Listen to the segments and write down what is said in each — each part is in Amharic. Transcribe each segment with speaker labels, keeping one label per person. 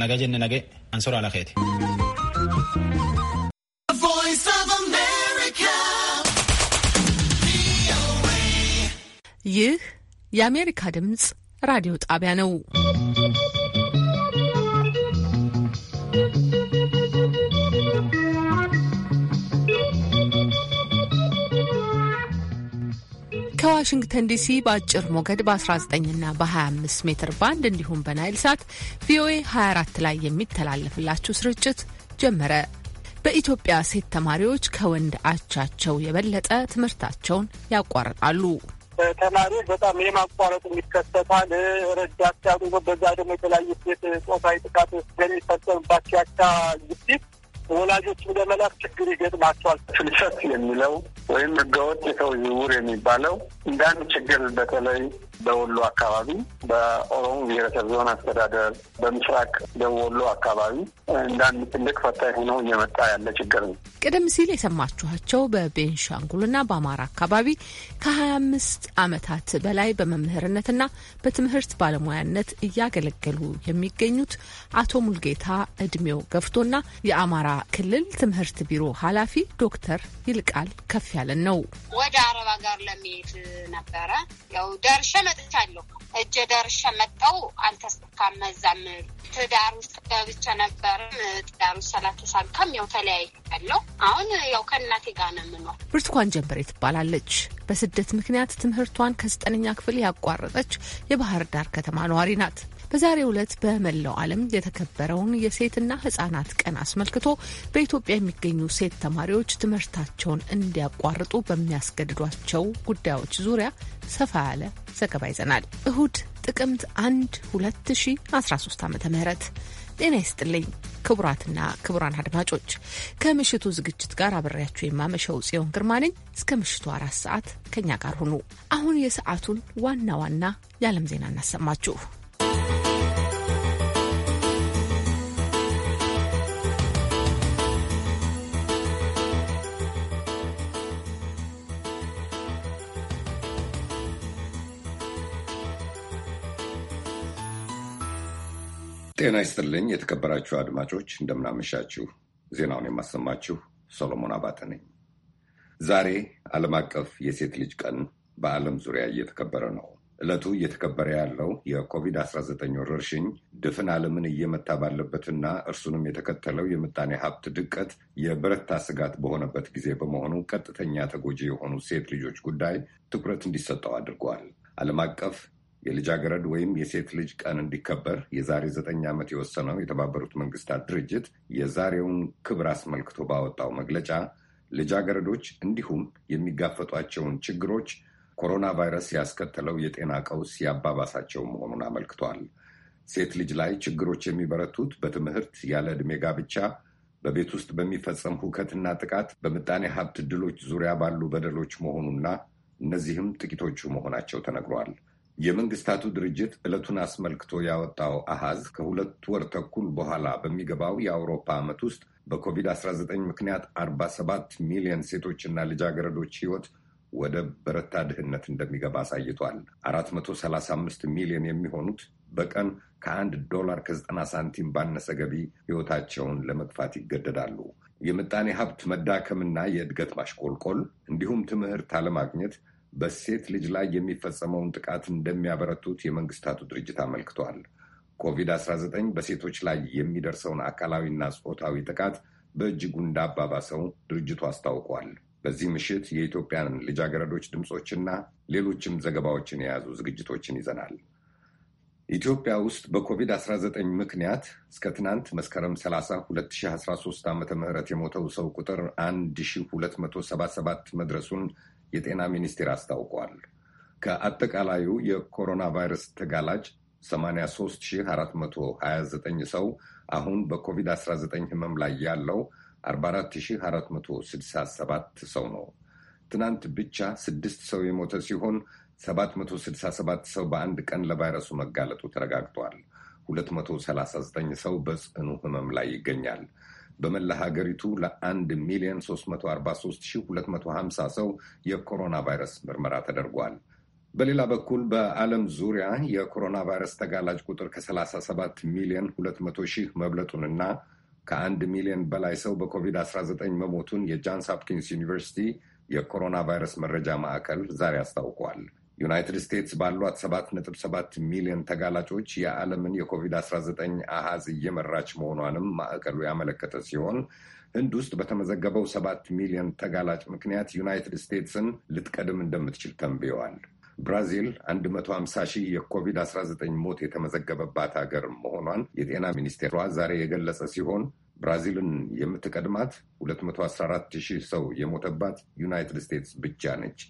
Speaker 1: ነገ ጀን ነገ ala አላኸቴ
Speaker 2: ይህ
Speaker 3: የአሜሪካ ድምፅ ራዲዮ ጣቢያ ነው። ከዋሽንግተን ዲሲ በአጭር ሞገድ በ19ና በ25 ሜትር ባንድ እንዲሁም በናይል ሳት ቪኦኤ 24 ላይ የሚተላለፍላችሁ ስርጭት ጀመረ። በኢትዮጵያ ሴት ተማሪዎች ከወንድ አቻቸው የበለጠ ትምህርታቸውን ያቋርጣሉ።
Speaker 4: ተማሪዎች በጣም የማቋረጡ የሚከሰታል ረዳት ያሉ በዛ ደግሞ የተለያዩ ሴት ጾታዊ ጥቃት በሚፈጸምባቸው ያቻ ግፊት ወላጆችም ለመላክ ችግር ይገጥማቸዋል። ፍልሰት የሚለው ወይም ህገወጥ የሰው ዝውውር የሚባለው እንዳንድ ችግር በተለይ በወሎ አካባቢ፣ በኦሮሞ ብሔረሰብ ዞን አስተዳደር፣ በምስራቅ ደወሎ አካባቢ እንዳንድ ትልቅ ፈታኝ ሆኖ እየመጣ ያለ ችግር ነው።
Speaker 3: ቀደም ሲል የሰማችኋቸው በቤንሻንጉልና በአማራ አካባቢ ከሀያ አምስት አመታት በላይ በመምህርነትና በትምህርት ባለሙያነት እያገለገሉ የሚገኙት አቶ ሙልጌታ እድሜው ገፍቶና የአማራ ክልል ትምህርት ቢሮ ኃላፊ ዶክተር ይልቃል ከፍ ያለን ነው።
Speaker 5: ወደ አረብ ሀገር ለሚሄድ ነበረ ያው ደርሸ መጥቻለሁ። እጀ ደርሼ መጣሁ። አልተሳካም። መዛም ትዳር ውስጥ ገብቼ ነበርም ትዳር ውስጥ ስላልተሳካም ያው ተለያይቻለሁ። አሁን ያው ከእናቴ ጋር ነው የምኖር።
Speaker 3: ብርቱካን ጀንበሬ ትባላለች። በስደት ምክንያት ትምህርቷን ከዘጠነኛ ክፍል ያቋረጠች የባህር ዳር ከተማ ነዋሪ ናት። በዛሬው ዕለት በመላው ዓለም የተከበረውን የሴትና ህጻናት ቀን አስመልክቶ በኢትዮጵያ የሚገኙ ሴት ተማሪዎች ትምህርታቸውን እንዲያቋርጡ በሚያስገድዷቸው ጉዳዮች ዙሪያ ሰፋ ያለ ዘገባ ይዘናል። እሁድ ጥቅምት 1 2013 ዓ ም ጤና ይስጥልኝ ክቡራትና ክቡራን አድማጮች ከምሽቱ ዝግጅት ጋር አብሬያችሁ የማመሸው ጽዮን ግርማ ነኝ። እስከ ምሽቱ አራት ሰዓት ከኛ ጋር ሁኑ። አሁን የሰዓቱን ዋና ዋና የዓለም ዜና እናሰማችሁ።
Speaker 6: ጤና ይስጥልኝ የተከበራችሁ አድማጮች፣ እንደምናመሻችሁ። ዜናውን የማሰማችሁ ሶሎሞን አባተ ነኝ። ዛሬ ዓለም አቀፍ የሴት ልጅ ቀን በዓለም ዙሪያ እየተከበረ ነው። ዕለቱ እየተከበረ ያለው የኮቪድ-19 ወረርሽኝ ድፍን ዓለምን እየመታ ባለበትና እርሱንም የተከተለው የምጣኔ ሀብት ድቀት የበረታ ስጋት በሆነበት ጊዜ በመሆኑ ቀጥተኛ ተጎጂ የሆኑ ሴት ልጆች ጉዳይ ትኩረት እንዲሰጠው አድርጓል። ዓለም አቀፍ የልጃገረድ ወይም የሴት ልጅ ቀን እንዲከበር የዛሬ ዘጠኝ ዓመት የወሰነው የተባበሩት መንግስታት ድርጅት የዛሬውን ክብር አስመልክቶ ባወጣው መግለጫ ልጃገረዶች እንዲሁም የሚጋፈጧቸውን ችግሮች ኮሮና ቫይረስ ያስከተለው የጤና ቀውስ ያባባሳቸው መሆኑን አመልክቷል። ሴት ልጅ ላይ ችግሮች የሚበረቱት በትምህርት፣ ያለ ዕድሜ ጋብቻ፣ በቤት ውስጥ በሚፈጸም ሁከትና ጥቃት፣ በምጣኔ ሀብት ድሎች ዙሪያ ባሉ በደሎች መሆኑና እነዚህም ጥቂቶቹ መሆናቸው ተነግሯል። የመንግስታቱ ድርጅት ዕለቱን አስመልክቶ ያወጣው አሃዝ ከሁለት ወር ተኩል በኋላ በሚገባው የአውሮፓ ዓመት ውስጥ በኮቪድ-19 ምክንያት 47 ሚሊዮን ሴቶችና ልጃገረዶች ሕይወት ወደ በረታ ድህነት እንደሚገባ አሳይቷል። 435 ሚሊዮን የሚሆኑት በቀን ከአንድ ዶላር ከ90 ሳንቲም ባነሰ ገቢ ሕይወታቸውን ለመግፋት ይገደዳሉ። የምጣኔ ሀብት መዳከምና የእድገት ማሽቆልቆል እንዲሁም ትምህርት አለማግኘት በሴት ልጅ ላይ የሚፈጸመውን ጥቃት እንደሚያበረቱት የመንግስታቱ ድርጅት አመልክቷል። ኮቪድ-19 በሴቶች ላይ የሚደርሰውን አካላዊና ጾታዊ ጥቃት በእጅጉ እንዳባባሰው ድርጅቱ አስታውቋል። በዚህ ምሽት የኢትዮጵያን ልጃገረዶች ድምፆችና ሌሎችም ዘገባዎችን የያዙ ዝግጅቶችን ይዘናል። ኢትዮጵያ ውስጥ በኮቪድ-19 ምክንያት እስከ ትናንት መስከረም 30 2013 ዓ ም የሞተው ሰው ቁጥር 1277 መድረሱን የጤና ሚኒስቴር አስታውቋል። ከአጠቃላዩ የኮሮና ቫይረስ ተጋላጭ 83429 ሰው አሁን በኮቪድ-19 ህመም ላይ ያለው 44467 ሰው ነው። ትናንት ብቻ ስድስት ሰው የሞተ ሲሆን 767 ሰው በአንድ ቀን ለቫይረሱ መጋለጡ ተረጋግጧል። 239 ሰው በጽዕኑ ህመም ላይ ይገኛል። በመላ ሀገሪቱ ለአንድ ሚሊዮን 343250 ሰው የኮሮና ቫይረስ ምርመራ ተደርጓል። በሌላ በኩል በዓለም ዙሪያ የኮሮና ቫይረስ ተጋላጭ ቁጥር ከ37 ሚሊዮን 200 ሺህ መብለጡንና ከአንድ ሚሊዮን በላይ ሰው በኮቪድ-19 መሞቱን የጃንስ ሀፕኪንስ ዩኒቨርሲቲ የኮሮና ቫይረስ መረጃ ማዕከል ዛሬ አስታውቋል። ዩናይትድ ስቴትስ ባሏት 7.7 ሚሊዮን ተጋላጮች የዓለምን የኮቪድ-19 አሃዝ እየመራች መሆኗንም ማዕከሉ ያመለከተ ሲሆን ህንድ ውስጥ በተመዘገበው 7 ሚሊዮን ተጋላጭ ምክንያት ዩናይትድ ስቴትስን ልትቀድም እንደምትችል ተንብየዋል። ብራዚል 150 ሺህ የኮቪድ-19 ሞት የተመዘገበባት ሀገር መሆኗን የጤና ሚኒስቴሯ ዛሬ የገለጸ ሲሆን ብራዚልን የምትቀድማት 214 ሺህ ሰው የሞተባት ዩናይትድ ስቴትስ ብቻ ነች።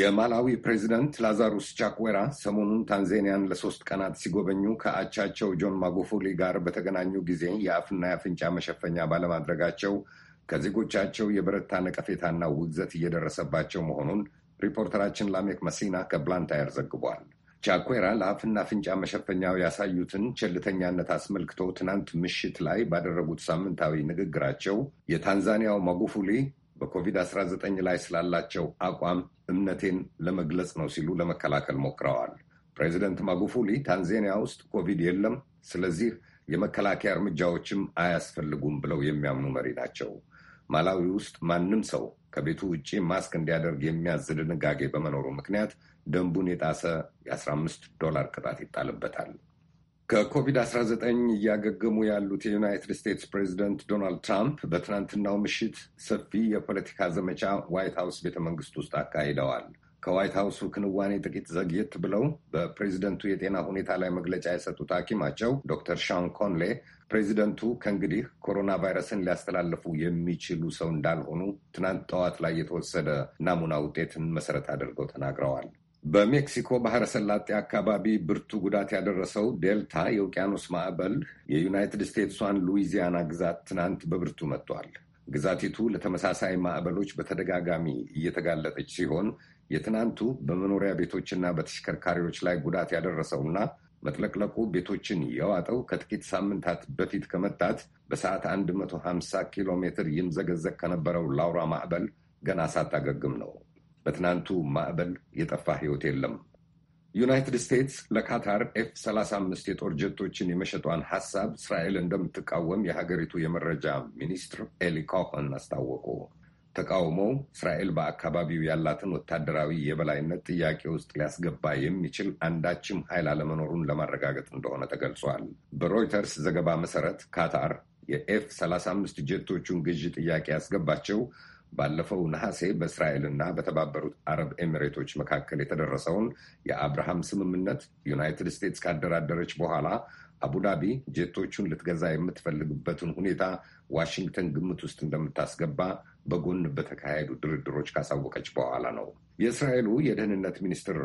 Speaker 6: የማላዊ ፕሬዚደንት ላዛሩስ ቻክዌራ ሰሞኑን ታንዛኒያን ለሶስት ቀናት ሲጎበኙ ከአቻቸው ጆን ማጉፉሊ ጋር በተገናኙ ጊዜ የአፍና የአፍንጫ መሸፈኛ ባለማድረጋቸው ከዜጎቻቸው የበረታ ነቀፌታና ውግዘት እየደረሰባቸው መሆኑን ሪፖርተራችን ላሜክ መሲና ከብላንታየር ዘግቧል። ቻኩዌራ ለአፍና አፍንጫ መሸፈኛው ያሳዩትን ቸልተኛነት አስመልክቶ ትናንት ምሽት ላይ ባደረጉት ሳምንታዊ ንግግራቸው የታንዛኒያው ማጉፉሊ በኮቪድ-19 ላይ ስላላቸው አቋም እምነቴን ለመግለጽ ነው ሲሉ ለመከላከል ሞክረዋል። ፕሬዚደንት ማጉፉሊ ታንዜኒያ ውስጥ ኮቪድ የለም፣ ስለዚህ የመከላከያ እርምጃዎችም አያስፈልጉም ብለው የሚያምኑ መሪ ናቸው። ማላዊ ውስጥ ማንም ሰው ከቤቱ ውጭ ማስክ እንዲያደርግ የሚያዝ ድንጋጌ በመኖሩ ምክንያት ደንቡን የጣሰ የ15 ዶላር ቅጣት ይጣልበታል። ከኮቪድ-19 እያገገሙ ያሉት የዩናይትድ ስቴትስ ፕሬዚደንት ዶናልድ ትራምፕ በትናንትናው ምሽት ሰፊ የፖለቲካ ዘመቻ ዋይት ሀውስ ቤተመንግስት ውስጥ አካሂደዋል። ከዋይት ሀውሱ ክንዋኔ ጥቂት ዘግየት ብለው በፕሬዚደንቱ የጤና ሁኔታ ላይ መግለጫ የሰጡት ሐኪማቸው ዶክተር ሻን ኮንሌ ፕሬዚደንቱ ከእንግዲህ ኮሮና ቫይረስን ሊያስተላልፉ የሚችሉ ሰው እንዳልሆኑ ትናንት ጠዋት ላይ የተወሰደ ናሙና ውጤትን መሰረት አድርገው ተናግረዋል። በሜክሲኮ ባህረ ሰላጤ አካባቢ ብርቱ ጉዳት ያደረሰው ዴልታ የውቅያኖስ ማዕበል የዩናይትድ ስቴትሷን ሉዊዚያና ግዛት ትናንት በብርቱ መጥቷል። ግዛቲቱ ለተመሳሳይ ማዕበሎች በተደጋጋሚ እየተጋለጠች ሲሆን የትናንቱ በመኖሪያ ቤቶችና በተሽከርካሪዎች ላይ ጉዳት ያደረሰውና መጥለቅለቁ ቤቶችን የዋጠው ከጥቂት ሳምንታት በፊት ከመጣት በሰዓት 150 ኪሎ ሜትር ይምዘገዘግ ከነበረው ላውራ ማዕበል ገና ሳታገግም ነው። በትናንቱ ማዕበል የጠፋ ሕይወት የለም። ዩናይትድ ስቴትስ ለካታር ኤፍ 35 የጦር ጀቶችን የመሸጧን ሐሳብ እስራኤል እንደምትቃወም የሀገሪቱ የመረጃ ሚኒስትር ኤሊ ኮሆን አስታወቁ። ተቃውሞው እስራኤል በአካባቢው ያላትን ወታደራዊ የበላይነት ጥያቄ ውስጥ ሊያስገባ የሚችል አንዳችም ኃይል አለመኖሩን ለማረጋገጥ እንደሆነ ተገልጿል። በሮይተርስ ዘገባ መሰረት ካታር የኤፍ 35 ጀቶቹን ግዢ ጥያቄ ያስገባቸው ባለፈው ነሐሴ በእስራኤልና በተባበሩት አረብ ኤሚሬቶች መካከል የተደረሰውን የአብርሃም ስምምነት ዩናይትድ ስቴትስ ካደራደረች በኋላ አቡዳቢ ጄቶቹን ልትገዛ የምትፈልግበትን ሁኔታ ዋሽንግተን ግምት ውስጥ እንደምታስገባ በጎን በተካሄዱ ድርድሮች ካሳወቀች በኋላ ነው። የእስራኤሉ የደህንነት ሚኒስትር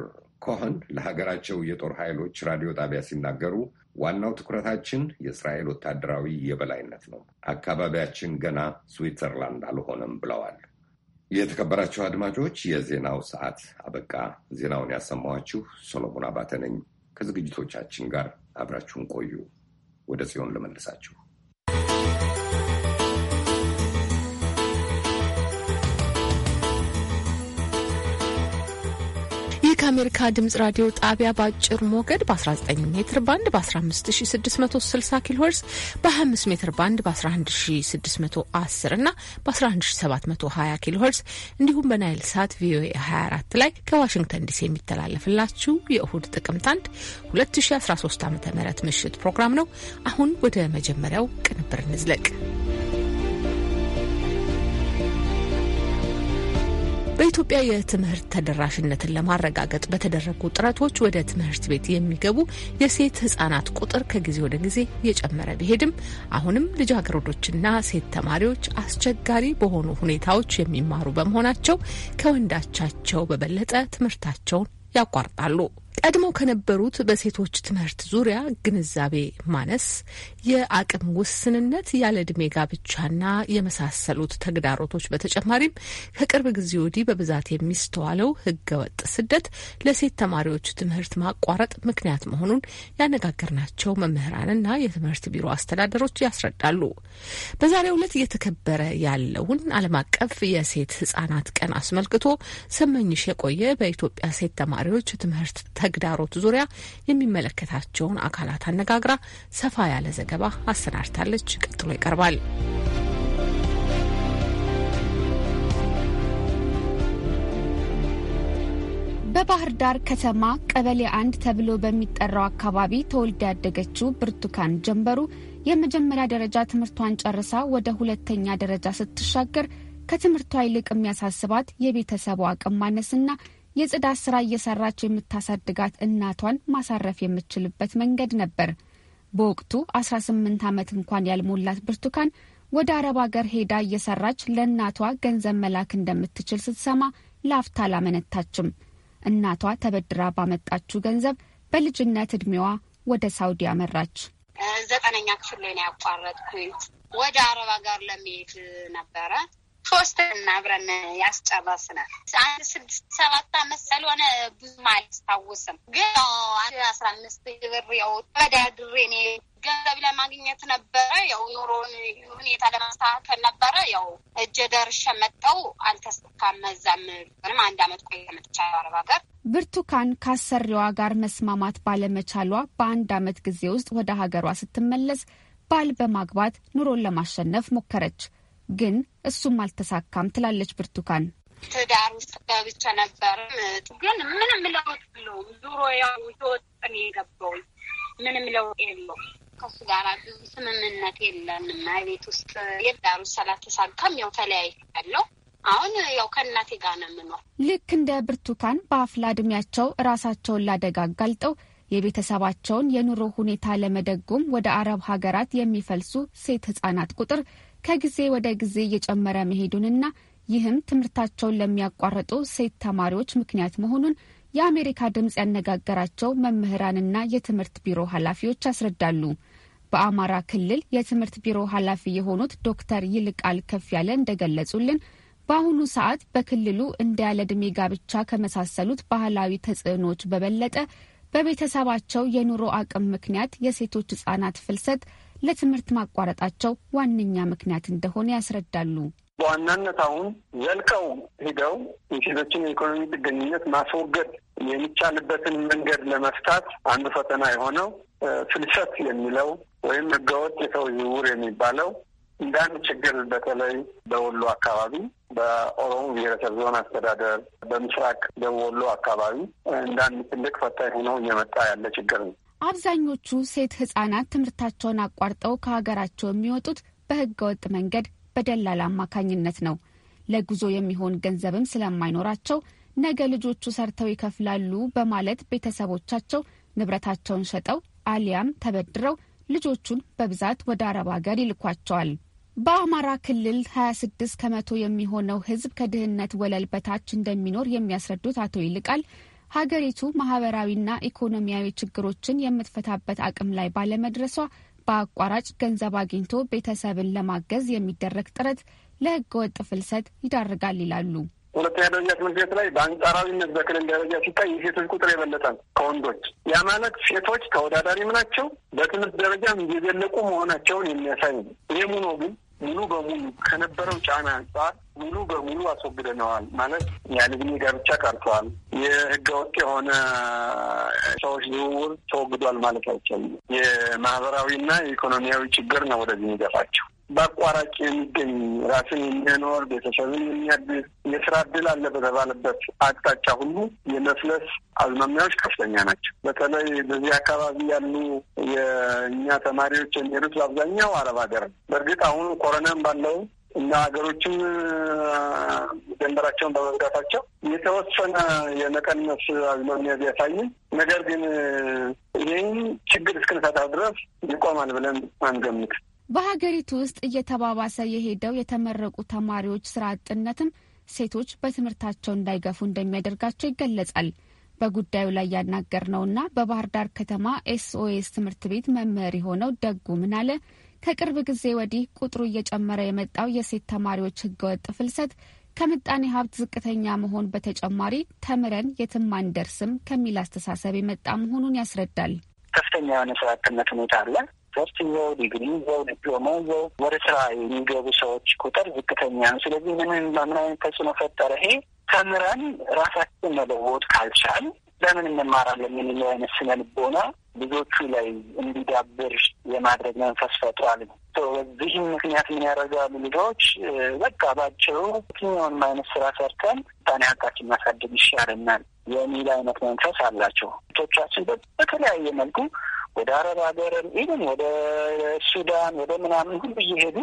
Speaker 6: ኮሆን ለሀገራቸው የጦር ኃይሎች ራዲዮ ጣቢያ ሲናገሩ ዋናው ትኩረታችን የእስራኤል ወታደራዊ የበላይነት ነው፣ አካባቢያችን ገና ስዊትዘርላንድ አልሆነም ብለዋል። የተከበራችሁ አድማጮች፣ የዜናው ሰዓት አበቃ። ዜናውን ያሰማኋችሁ ሶሎሞን አባተ ነኝ። ከዝግጅቶቻችን ጋር አብራችሁን ቆዩ። ወደ ጽዮን ልመልሳችሁ።
Speaker 3: የአሜሪካ ድምጽ ራዲዮ ጣቢያ በአጭር ሞገድ በ19 ሜትር ባንድ በ15660 ኪሎ ሄርዝ በ25 ሜትር ባንድ በ11610 እና በ11720 ኪሎ ሄርዝ እንዲሁም በናይል ሳት ቪኦኤ 24 ላይ ከዋሽንግተን ዲሲ የሚተላለፍላችሁ የእሁድ ጥቅምት 1 2013 ዓ ም ምሽት ፕሮግራም ነው። አሁን ወደ መጀመሪያው ቅንብር እንዝለቅ። በኢትዮጵያ የትምህርት ተደራሽነትን ለማረጋገጥ በተደረጉ ጥረቶች ወደ ትምህርት ቤት የሚገቡ የሴት ህጻናት ቁጥር ከጊዜ ወደ ጊዜ እየጨመረ ቢሄድም አሁንም ልጃገረዶችና ሴት ተማሪዎች አስቸጋሪ በሆኑ ሁኔታዎች የሚማሩ በመሆናቸው ከወንዳቻቸው በበለጠ ትምህርታቸውን ያቋርጣሉ። ቀድሞ ከነበሩት በሴቶች ትምህርት ዙሪያ ግንዛቤ ማነስ፣ የአቅም ውስንነት፣ ያለ ዕድሜ ጋብቻና የመሳሰሉት ተግዳሮቶች በተጨማሪም ከቅርብ ጊዜ ወዲህ በብዛት የሚስተዋለው ህገወጥ ስደት ለሴት ተማሪዎች ትምህርት ማቋረጥ ምክንያት መሆኑን ያነጋገርናቸው መምህራንና የትምህርት ቢሮ አስተዳደሮች ያስረዳሉ። በዛሬው ዕለት እየተከበረ ያለውን ዓለም አቀፍ የሴት ህጻናት ቀን አስመልክቶ ስመኝሽ የቆየ በኢትዮጵያ ሴት ተማሪዎች ትምህርት ተግዳሮት ዙሪያ የሚመለከታቸውን አካላት አነጋግራ ሰፋ ያለ ዘገባ አሰናድታለች። ቀጥሎ ይቀርባል።
Speaker 7: በባህር ዳር ከተማ ቀበሌ አንድ ተብሎ በሚጠራው አካባቢ ተወልዳ ያደገችው ብርቱካን ጀንበሩ የመጀመሪያ ደረጃ ትምህርቷን ጨርሳ ወደ ሁለተኛ ደረጃ ስትሻገር ከትምህርቷ ይልቅ የሚያሳስባት የቤተሰቡ አቅም ማነስና የጽዳት ስራ እየሰራች የምታሳድጋት እናቷን ማሳረፍ የምችልበት መንገድ ነበር። በወቅቱ 18 ዓመት እንኳን ያልሞላት ብርቱካን ወደ አረብ አገር ሄዳ እየሰራች ለእናቷ ገንዘብ መላክ እንደምትችል ስትሰማ ላፍታ አላመነታችም። እናቷ ተበድራ ባመጣችው ገንዘብ በልጅነት እድሜዋ ወደ ሳውዲ አመራች።
Speaker 5: ዘጠነኛ ክፍል ላይ ነው ያቋረጥኩኝ። ወደ አረብ ሀገር ለመሄድ ነበረ ሶስት አብረን ያስጨረስናል። አንድ ስድስት ሰባት አመት ስለሆነ ብዙም አያስታውስም። ግን አንድ አስራ አምስት ብር ያው ተዳድሬ እኔ ገንዘብ ለማግኘት ነበረ። ያው ኑሮን ሁኔታ ለማስተካከል ነበረ። ያው እጀ ደርሼ መጣሁ፣ አልተሳካም። መዛም ምንም አንድ አመት ቆይ መጥቻለሁ አረብ ሀገር።
Speaker 7: ብርቱካን ካሰሪዋ ጋር መስማማት ባለመቻሏ በአንድ አመት ጊዜ ውስጥ ወደ ሀገሯ ስትመለስ ባል በማግባት ኑሮን ለማሸነፍ ሞከረች። ግን እሱም አልተሳካም ትላለች ብርቱካን።
Speaker 5: ትዳር ውስጥ ገብቼ ነበር፣ ግን ምንም ለውጥ የለውም። ዙሮ ያው ወጥን የገባው ምንም ለውጥ የለው። ከሱ ጋር ብዙ ስምምነት የለንም። ቤት ውስጥ የትዳር ውስጥ ስላልተሳካም ያው ተለያይ ያለው አሁን ያው ከእናቴ ጋር ነው የምኖር።
Speaker 7: ልክ እንደ ብርቱካን በአፍላ እድሜያቸው እራሳቸውን ላደጋ አጋልጠው የቤተሰባቸውን የኑሮ ሁኔታ ለመደጎም ወደ አረብ ሀገራት የሚፈልሱ ሴት ህጻናት ቁጥር ከጊዜ ወደ ጊዜ እየጨመረ መሄዱንና ይህም ትምህርታቸውን ለሚያቋርጡ ሴት ተማሪዎች ምክንያት መሆኑን የአሜሪካ ድምፅ ያነጋገራቸው መምህራንና የትምህርት ቢሮ ኃላፊዎች ያስረዳሉ። በአማራ ክልል የትምህርት ቢሮ ኃላፊ የሆኑት ዶክተር ይልቃል ከፍ ያለ እንደገለጹልን በአሁኑ ሰዓት በክልሉ እንደ ያለ ዕድሜ ጋብቻ ከመሳሰሉት ባህላዊ ተጽዕኖዎች በበለጠ በቤተሰባቸው የኑሮ አቅም ምክንያት የሴቶች ህጻናት ፍልሰት ለትምህርት ማቋረጣቸው ዋነኛ ምክንያት እንደሆነ ያስረዳሉ።
Speaker 4: በዋናነት አሁን ዘልቀው ሂደው የሴቶችን የኢኮኖሚ ጥገኝነት ማስወገድ የሚቻልበትን መንገድ ለመፍታት አንዱ ፈተና የሆነው ፍልሰት የሚለው ወይም ህገወጥ የሰው ዝውውር የሚባለው እንደ አንድ ችግር በተለይ በወሎ አካባቢ፣ በኦሮሞ ብሔረሰብ ዞን አስተዳደር፣ በምስራቅ ደቡብ ወሎ አካባቢ እንደ አንድ ትልቅ ፈታኝ ሆኖ እየመጣ ያለ ችግር ነው።
Speaker 7: አብዛኞቹ ሴት ህጻናት ትምህርታቸውን አቋርጠው ከሀገራቸው የሚወጡት በህገወጥ መንገድ በደላላ አማካኝነት ነው። ለጉዞ የሚሆን ገንዘብም ስለማይኖራቸው ነገ ልጆቹ ሰርተው ይከፍላሉ በማለት ቤተሰቦቻቸው ንብረታቸውን ሸጠው አሊያም ተበድረው ልጆቹን በብዛት ወደ አረብ ሀገር ይልኳቸዋል። በአማራ ክልል 26 ከመቶ የሚሆነው ህዝብ ከድህነት ወለል በታች እንደሚኖር የሚያስረዱት አቶ ይልቃል ሀገሪቱ ማህበራዊና ኢኮኖሚያዊ ችግሮችን የምትፈታበት አቅም ላይ ባለመድረሷ በአቋራጭ ገንዘብ አግኝቶ ቤተሰብን ለማገዝ የሚደረግ ጥረት ለህገወጥ ወጥ ፍልሰት ይዳርጋል ይላሉ።
Speaker 4: ሁለተኛ ደረጃ ትምህርት ቤት ላይ በአንጻራዊነት በክልል ደረጃ ሲታይ የሴቶች ቁጥር የበለጠ ነው ከወንዶች። ያ ማለት ሴቶች ተወዳዳሪም ናቸው፣ በትምህርት ደረጃም የዘለቁ መሆናቸውን የሚያሳይ ነው። ይህም ሆኖ ግን ሙሉ በሙሉ ከነበረው ጫና አንጻር ሙሉ በሙሉ አስወግደነዋል። ማለት ያለ ጋብቻ ቀርተዋል። ወጥ የሆነ ሰዎች ዝውውር ተወግዷል ማለት አይቻልም። የማህበራዊና የኢኮኖሚያዊ ችግር ነው ወደዚህ የሚገፋቸው። በአቋራጭ የሚገኝ ራስን የሚያኖር ቤተሰብን የሚያድስ የስራ እድል አለ በተባለበት አቅጣጫ ሁሉ የመፍለስ አዝማሚያዎች ከፍተኛ ናቸው። በተለይ በዚህ አካባቢ ያሉ የእኛ ተማሪዎች የሚሄዱት በአብዛኛው አረብ ሀገር ነው። በእርግጥ አሁን ኮረናም ባለው እና ሀገሮችም ድንበራቸውን በመዝጋታቸው የተወሰነ የመቀነስ አዝማሚያ ቢያሳይም ነገር ግን ይህን ችግር እስክንፈታው ድረስ ይቆማል ብለን አንገምት።
Speaker 7: በሀገሪቱ ውስጥ እየተባባሰ የሄደው የተመረቁ ተማሪዎች ስራ አጥነትም ሴቶች በትምህርታቸው እንዳይገፉ እንደሚያደርጋቸው ይገለጻል። በጉዳዩ ላይ ያናገርነውና በባህር ዳር ከተማ ኤስኦኤስ ትምህርት ቤት መምህር የሆነው ደጉ ምናለ ከቅርብ ጊዜ ወዲህ ቁጥሩ እየጨመረ የመጣው የሴት ተማሪዎች ህገወጥ ፍልሰት ከምጣኔ ሀብት ዝቅተኛ መሆን በተጨማሪ ተምረን የትም አንደርስም ከሚል አስተሳሰብ የመጣ መሆኑን ያስረዳል።
Speaker 4: ከፍተኛ የሆነ ስራ አጥነት ሁኔታ አለ። ዩኒቨርሲቲ ይዘው ዲግሪ ይዘው ዲፕሎማ ይዘው ወደ ስራ የሚገቡ ሰዎች ቁጥር ዝቅተኛ ነው። ስለዚህ ምንም ምን አይነት ተጽዕኖ ፈጠረ? ይሄ ተምረን ራሳችን መለወጥ ካልቻል ለምን እንማራለን የሚለው አይነት ስነ ልቦና ብዙዎቹ ላይ እንዲዳብር የማድረግ መንፈስ ፈጥሯል። በዚህም ምክንያት ምን ያደርጋሉ ልጆች በቃ ባጭሩ የትኛውንም አይነት ስራ ሰርተን ታኔ ሀቃችን ማሳደግ ይሻለናል የሚል አይነት መንፈስ አላቸው። ቶቻችን በተለያየ መልኩ ወደ አረብ ሀገርም ኢቨን ወደ ሱዳን ወደ ምናምን ሁሉ እየሄዱ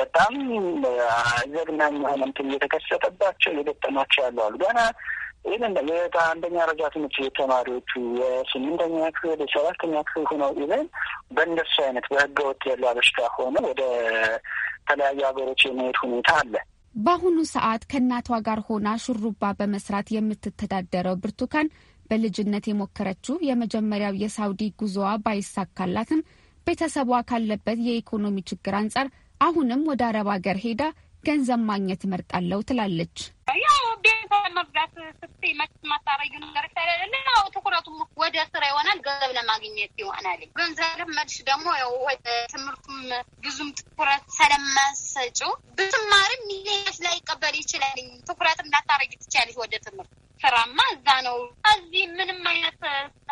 Speaker 4: በጣም ዘግናኝ የሆነ እንትን እየተከሰተባቸው የገጠማቸው ያሉ አሉ። ገና ኢቨን የአንደኛ ደረጃ ትምህርት ቤት ተማሪዎቹ የስምንተኛ ክፍል የሰባተኛ ክፍል ሆነው ኢቨን በእንደሱ አይነት በህገወጥ ያለ በሽታ ሆነ ወደ ተለያዩ ሀገሮች የመሄድ ሁኔታ አለ።
Speaker 7: በአሁኑ ሰዓት ከእናቷ ጋር ሆና ሹሩባ በመስራት የምትተዳደረው ብርቱካን በልጅነት የሞከረችው የመጀመሪያው የሳውዲ ጉዞዋ ባይሳካላትም ቤተሰቧ ካለበት የኢኮኖሚ ችግር አንጻር አሁንም ወደ አረብ ሀገር ሄዳ ገንዘብ ማግኘት እመርጣለሁ ትላለች።
Speaker 5: ያው ቤተሰብ መርዳት ስትይ መቼም አታረጊው ነገር ስለሌለ ያው ትኩረቱም ወደ ስራ ይሆናል፣ ገንዘብ ለማግኘት ይሆናል። ገንዘብ መልሽ ደግሞ ያው ወደ ትምህርቱም ብዙም ትኩረት ስለማሰጪው ብትማርም ይሄ ላይቀበል ይችላል። ትኩረት እንዳታረጊ ትችያለሽ ወደ ትምህርት ስራማ እዛ ነው። እዚህ ምንም አይነት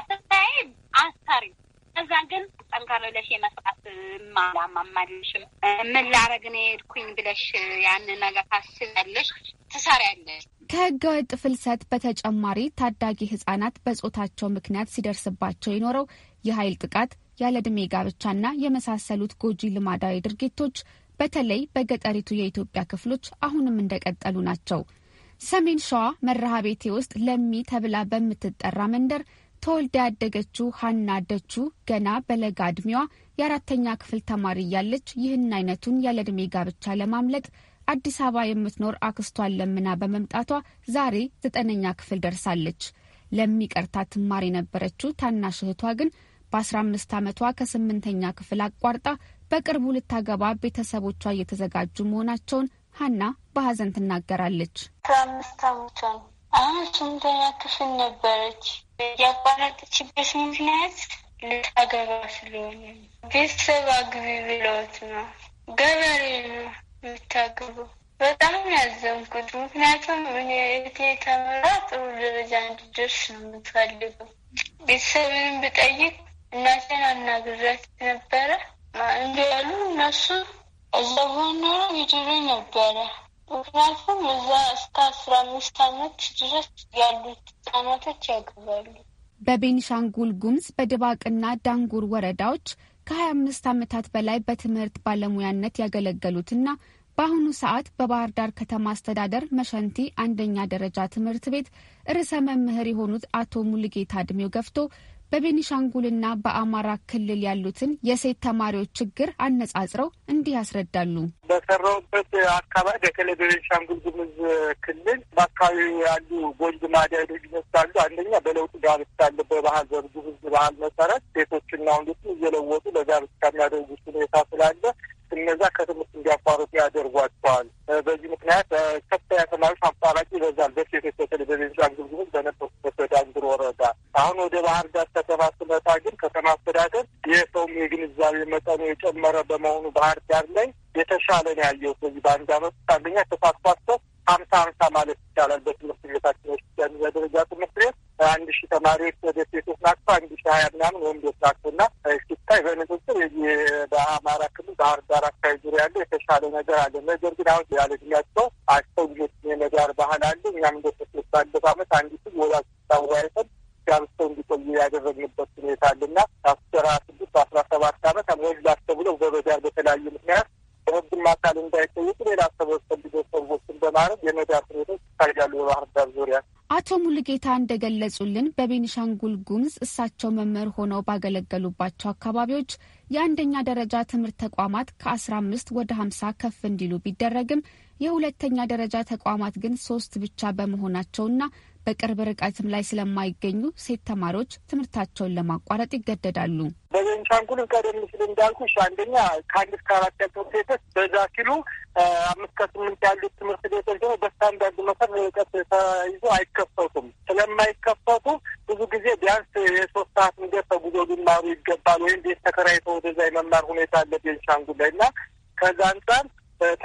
Speaker 5: ስታይ አሰሪ እዛ ግን ጠንካራ ብለሽ የመስራት ማላማማልሽም ምን ላረግ ነው የሄድኩኝ ብለሽ ያን ነገር ታስቢያለሽ፣
Speaker 7: ትሰሪያለሽ። ከህገ ወጥ ፍልሰት በተጨማሪ ታዳጊ ህጻናት በጾታቸው ምክንያት ሲደርስባቸው የኖረው የኃይል ጥቃት፣ ያለ ዕድሜ ጋብቻና የመሳሰሉት ጎጂ ልማዳዊ ድርጊቶች በተለይ በገጠሪቱ የኢትዮጵያ ክፍሎች አሁንም እንደቀጠሉ ናቸው። ሰሜን ሸዋ መርሃ ቤቴ ውስጥ ለሚ ተብላ በምትጠራ መንደር ተወልዳ ያደገችው ሀና ደቹ ገና በለጋ እድሜዋ የአራተኛ ክፍል ተማሪ እያለች ይህን አይነቱን ያለ ጋብቻ ለማምለጥ አዲስ አበባ የምትኖር አክስቷን ለምና በመምጣቷ ዛሬ ዘጠነኛ ክፍል ደርሳለች። ለሚቀርታ ትማር የነበረችው ታናሽ እህቷ ግን በ15 ዓመቷ ከስምንተኛ ክፍል አቋርጣ በቅርቡ ልታገባ ቤተሰቦቿ እየተዘጋጁ መሆናቸውን ሀና በሀዘን ትናገራለች።
Speaker 8: አስራ ስምንተኛ ክፍል ነበረች። ያቋረጠችበት ምክንያት ልታገባ ስለሆነ ቤተሰብ አግቢ ብለውት ነው። ገበሬ ነው የምታገባው። በጣም ያዘንኩት ምክንያቱም እህቴ ተምራ ጥሩ ደረጃ እንድደርስ ነው የምትፈልገው። ቤተሰብንም ብጠይቅ እናቴን አናግዛት ነበረ እንዲያሉ እነሱ እዛ ሆኖ ይድሩ ነበረ። ምክንያቱም እዛ እስከ አስራ አምስት ዓመት ድረስ ያሉት ህጻናቶች ያግባሉ።
Speaker 7: በቤኒሻንጉል ጉምዝ በድባቅና ዳንጉር ወረዳዎች ከሀያ አምስት ዓመታት በላይ በትምህርት ባለሙያነት ያገለገሉትና በአሁኑ ሰዓት በባህር ዳር ከተማ አስተዳደር መሸንቲ አንደኛ ደረጃ ትምህርት ቤት ርዕሰ መምህር የሆኑት አቶ ሙልጌታ እድሜው ገፍቶ በቤኒሻንጉልና በአማራ ክልል ያሉትን የሴት ተማሪዎች ችግር አነጻጽረው እንዲህ ያስረዳሉ።
Speaker 4: በሰራውበት አካባቢ በተለይ በቤኒሻንጉል ጉሙዝ ክልል በአካባቢ ያሉ ጎንድ ማዳ ይመስላሉ። አንደኛ በለውጥ ጋብቻ አለ። በባህል በጉሙዝ ባህል መሰረት ሴቶችና ወንዶች እየለወጡ ለጋብቻ የሚያደርጉት ሁኔታ ስላለ እነዛ ከትምህርት እንዲያቋርጡ ያደርጓቸዋል። በዚህ ምክንያት ከፍተኛ ተማሪዎች አቋራጭ ይበዛል። በሴቶች በተለይ በቤንጫን ግብግቦች በነበርኩበት ወደ ወረዳ አሁን ወደ ባህር ዳር ከተማ ስመጣ ግን ከተማ አስተዳደር የሰውም የግንዛቤ መጠኑ የጨመረ በመሆኑ ባህር ዳር ላይ የተሻለ ነው ያየሁት። በዚህ በአንድ አመት አንደኛ ተሳትፏቸው ሀምሳ ሀምሳ ማለት ይቻላል በትምህርት ቤታችን ውስጥ ያደረጃ ትምህርት ቤት አንድ ሺህ ተማሪዎች ወደ ሴቶች ናቅቶ አንድ ሺህ ሀያ ምናምን ወንዶች ናቅቶ እና ሲታይ በንጽጽር በአማራ ክልል ባህር ዳር አካባቢ ዙሪያ ያለው የተሻለ ነገር አለ። ነገር ግን አሁን ያለ እድሜያቸው አስተው ልጆች የመዳር ባህል አለ። እኛም እንደተስ ባለፈ አመት አንዲቱ ወላጅ ታዋይተን ጋብተው እንዲቆዩ ያደረግንበት ሁኔታ አለ እና አስራ ስድስት አስራ ሰባት አመት ሞላት ተብለው በመዳር በተለያዩ ምክንያት በህግም አካል እንዳይጠይቁ ሌላ ሰበብ ፈልገው ሰዎችን በማድረግ የመዳር ሁኔታዎች ይታያሉ በባህር
Speaker 7: ዳር ዙሪያ አቶ ሙሉጌታ እንደገለጹልን በቤኒሻንጉል ጉምዝ እሳቸው መምህር ሆነው ባገለገሉባቸው አካባቢዎች የአንደኛ ደረጃ ትምህርት ተቋማት ከ15 ወደ 50 ከፍ እንዲሉ ቢደረግም የሁለተኛ ደረጃ ተቋማት ግን ሶስት ብቻ በመሆናቸውና በቅርብ ርቀትም ላይ ስለማይገኙ ሴት ተማሪዎች ትምህርታቸውን ለማቋረጥ ይገደዳሉ።
Speaker 4: በቤንሻንጉል ቀደም ሲል እንዳልኩሽ አንደኛ ከአንድ እስከ አራት ያሉት ሴቶች በዛ ሲሉ አምስት ከስምንት ያሉት ትምህርት ቤቶች ደግሞ በስታንዳርድ መሰረት ርቀት ተይዞ አይከፈቱም። ስለማይከፈቱ ብዙ ጊዜ ቢያንስ የሶስት ሰዓት እንገት ተጉዞ ግንባሩ ይገባል ወይም ቤት ተከራይቶ ወደዛ የመማር ሁኔታ አለ ቤንሻንጉል ላይ እና ከዛ አንጻር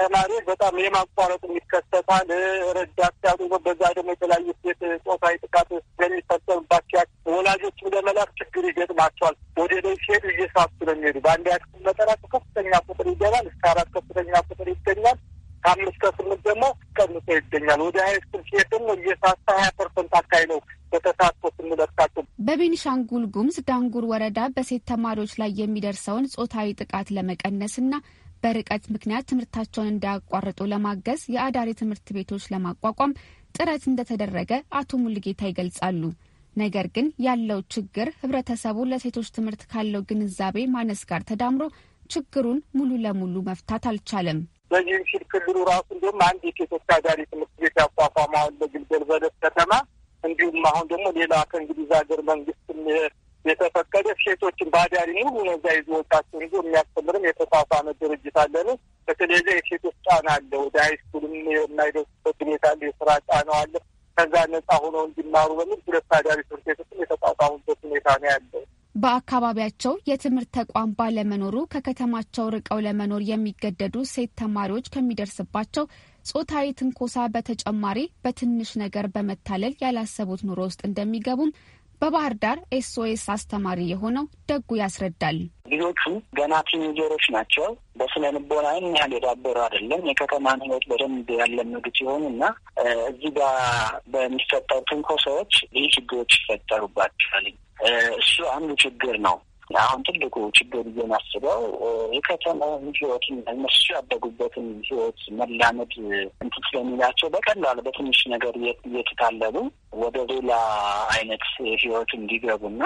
Speaker 4: ተማሪዎች በጣም የማቋረጥ የሚከሰታል። ረዳት ሲያጡ በዛ ደግሞ የተለያዩ ሴት ጾታዊ ጥቃት ስለሚፈጸምባቸው ወላጆችም ለመላክ ችግር ይገጥማቸዋል። ወደ ደ ሲሄዱ እየሳቱ ስለሚሄዱ በአንድ ያክል መጠራት ከፍተኛ ቁጥር ይገባል። እስከ አራት ከፍተኛ ቁጥር ይገኛል። ከአምስት ከስምንት ደግሞ ቀንሶ ይገኛል። ወደ ሀይ ስኩል ሲሄድ ደግሞ እየሳሳ ሀያ ፐርሰንት አካባቢ ነው
Speaker 7: በቤኒሻንጉል ጉምዝ ዳንጉር ወረዳ በሴት ተማሪዎች ላይ የሚደርሰውን ጾታዊ ጥቃት ለመቀነስና በርቀት ምክንያት ትምህርታቸውን እንዳያቋርጡ ለማገዝ የአዳሪ ትምህርት ቤቶች ለማቋቋም ጥረት እንደተደረገ አቶ ሙሉጌታ ይገልጻሉ። ነገር ግን ያለው ችግር ህብረተሰቡ ለሴቶች ትምህርት ካለው ግንዛቤ ማነስ ጋር ተዳምሮ ችግሩን ሙሉ ለሙሉ መፍታት አልቻለም።
Speaker 4: በዚህም ሲል ክልሉ ራሱ እንዲሁም አንድ የሴቶች አዳሪ ትምህርት ቤት ያቋቋመ ለግልገል በግልገል በለስ ከተማ እንዲሁም አሁን ደግሞ ሌላ ከእንግሊዝ ሀገር መንግስት የተፈቀደ ሴቶችን በአዳሪ ሙሉ ነዛ ይዞ ወጣቸውን ይዞ የሚያስተምርም የተቋቋመ ድርጅት አለን። በተለይ የሴቶች ጫና አለ። ወደ ሃይስኩልም የማይደርሱበት ሁኔታ አለ። የስራ ጫና አለ። ከዛ ነጻ ሆነው እንዲማሩ በሚል ሁለት ታዳሪ ትምህርት ቤቶችም የተቋቋሙበት ሁኔታ ነው ያለው።
Speaker 7: በአካባቢያቸው የትምህርት ተቋም ባለመኖሩ ከከተማቸው ርቀው ለመኖር የሚገደዱ ሴት ተማሪዎች ከሚደርስባቸው ጾታዊ ትንኮሳ በተጨማሪ በትንሽ ነገር በመታለል ያላሰቡት ኑሮ ውስጥ እንደሚገቡም በባህር ዳር ኤስኦኤስ አስተማሪ የሆነው ደጉ ያስረዳል።
Speaker 4: ልጆቹ ገና ቲኒጀሮች ናቸው። በስነ ልቦና ያን ያህል የዳበሩ አይደለም። የከተማን ሕይወት በደንብ ያለመዱት ሲሆኑ እና እዚህ ጋር በሚፈጠሩ ትንኮሳዎች ይህ ችግሮች ይፈጠሩባቸዋል። እሱ አንዱ ችግር ነው። አሁን ትልቁ ችግር እየማስበው የከተማውን ህይወትን እነሱ ያደጉበትን ህይወት መላመድ እንትን ስለሚላቸው በቀላሉ በትንሽ ነገር እየተታለሉ ወደ ሌላ አይነት ህይወት እንዲገቡና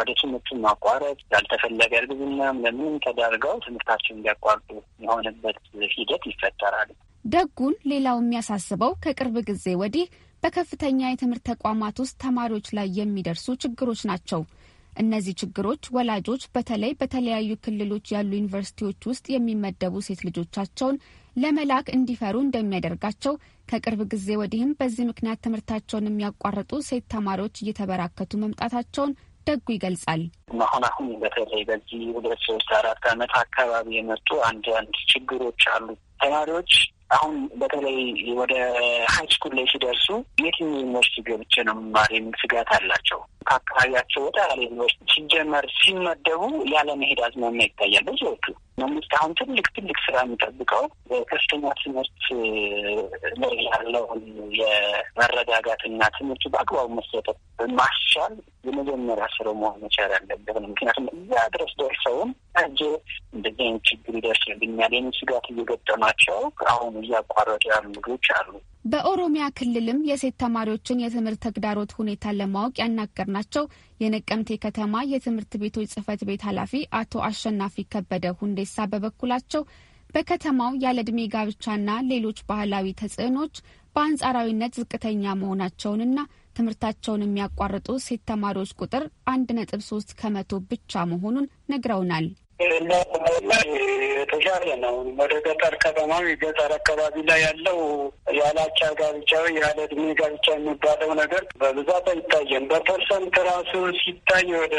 Speaker 4: ወደ ትምህርቱን ማቋረጥ ያልተፈለገ እርግዝና ለምንም ተዳርገው ትምህርታቸው እንዲያቋርጡ የሆነበት ሂደት ይፈጠራል።
Speaker 7: ደጉን ሌላው የሚያሳስበው ከቅርብ ጊዜ ወዲህ በከፍተኛ የትምህርት ተቋማት ውስጥ ተማሪዎች ላይ የሚደርሱ ችግሮች ናቸው። እነዚህ ችግሮች ወላጆች በተለይ በተለያዩ ክልሎች ያሉ ዩኒቨርሲቲዎች ውስጥ የሚመደቡ ሴት ልጆቻቸውን ለመላክ እንዲፈሩ እንደሚያደርጋቸው ከቅርብ ጊዜ ወዲህም በዚህ ምክንያት ትምህርታቸውን የሚያቋርጡ ሴት ተማሪዎች እየተበራከቱ መምጣታቸውን ደጉ ይገልጻል።
Speaker 4: አሁን አሁን በተለይ በዚህ ሁለት ሶስት አራት ዓመት አካባቢ የመጡ አንዳንድ ችግሮች አሉ። ተማሪዎች አሁን በተለይ ወደ ሀይ ስኩል ላይ ሲደርሱ የትኛው ዩኒቨርሲቲ ገብቼ ነው የምማር የሚል ስጋት አላቸው። ከአካባቢያቸው ወጣ ያለ ዩኒቨርሲቲ ሲጀመር ሲመደቡ ያለ መሄድ አዝማሚያ ይታያል ብዙዎቹ። መንግስት አሁን ትልቅ ትልቅ ስራ የሚጠብቀው ከፍተኛ ትምህርት ላይ ያለውን የመረጋጋትና ትምህርቱ በአግባቡ መሰጠት ማስቻል የመጀመሪያ መሆን መቻል አለብን። ምክንያቱም እዛ ድረስ ደርሰውም እጅ እንደዚህ አይነት ችግር ይደርስብኛል የሚል ስጋት እየገጠማቸው አሁን እያቋረጡ ያሉ ልጆች አሉ።
Speaker 7: በኦሮሚያ ክልልም የሴት ተማሪዎችን የትምህርት ተግዳሮት ሁኔታ ለማወቅ ያናገርናቸው የነቀምቴ ከተማ የትምህርት ቤቶች ጽህፈት ቤት ኃላፊ አቶ አሸናፊ ከበደ ሁንዴሳ በበኩላቸው በከተማው ያለ ጋብቻና ሌሎች ባህላዊ ተጽዕኖች በአንጻራዊነት ዝቅተኛ መሆናቸውንና ትምህርታቸውን የሚያቋርጡ ሴት ተማሪዎች ቁጥር አንድ ነጥብ ሶስት ከመቶ ብቻ መሆኑን ነግረውናል።
Speaker 4: የተሻለ ነው። ወደ ገጠር ከተማ የገጠር አካባቢ ላይ ያለው ያላቻ ጋብቻ ያለ እድሜ ጋብቻ የሚባለው ነገር በብዛት አይታየም። በፐርሰንት ራሱ ሲታይ ወደ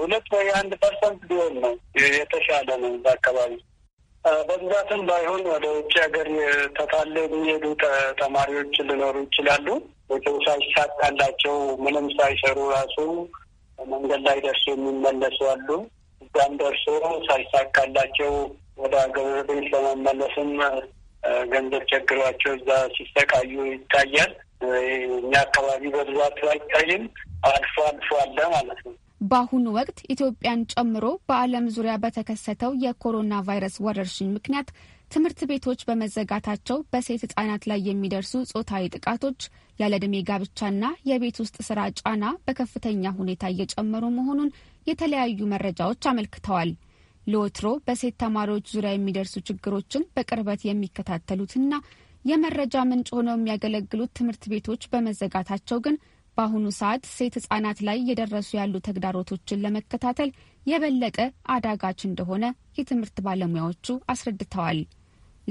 Speaker 4: ሁለት ወይ አንድ ፐርሰንት ቢሆን ነው የተሻለ ነው። እዛ አካባቢ በብዛትም ባይሆን ወደ ውጭ ሀገር ተታለው የሚሄዱ ተማሪዎች ሊኖሩ ይችላሉ። ቤተሰብ ሳይሳካላቸው ምንም ሳይሰሩ ራሱ መንገድ ላይ ደርሶ የሚመለሱ አሉ። እዛም ደርሶ ሳይሳካላቸው ወደ ሀገር ቤት ለመመለስም ገንዘብ ቸግሯቸው እዛ ሲሰቃዩ ይታያል። እኛ አካባቢ በብዛት አይታይም፣ አልፎ አልፎ አለ ማለት ነው።
Speaker 7: በአሁኑ ወቅት ኢትዮጵያን ጨምሮ በዓለም ዙሪያ በተከሰተው የኮሮና ቫይረስ ወረርሽኝ ምክንያት ትምህርት ቤቶች በመዘጋታቸው በሴት ህጻናት ላይ የሚደርሱ ጾታዊ ጥቃቶች ያለዕድሜ ጋብቻና የቤት ውስጥ ስራ ጫና በከፍተኛ ሁኔታ እየጨመሩ መሆኑን የተለያዩ መረጃዎች አመልክተዋል። ለወትሮ በሴት ተማሪዎች ዙሪያ የሚደርሱ ችግሮችን በቅርበት የሚከታተሉትና የመረጃ ምንጭ ሆነው የሚያገለግሉት ትምህርት ቤቶች በመዘጋታቸው ግን በአሁኑ ሰዓት ሴት ህጻናት ላይ እየደረሱ ያሉ ተግዳሮቶችን ለመከታተል የበለጠ አዳጋች እንደሆነ የትምህርት ባለሙያዎቹ አስረድተዋል።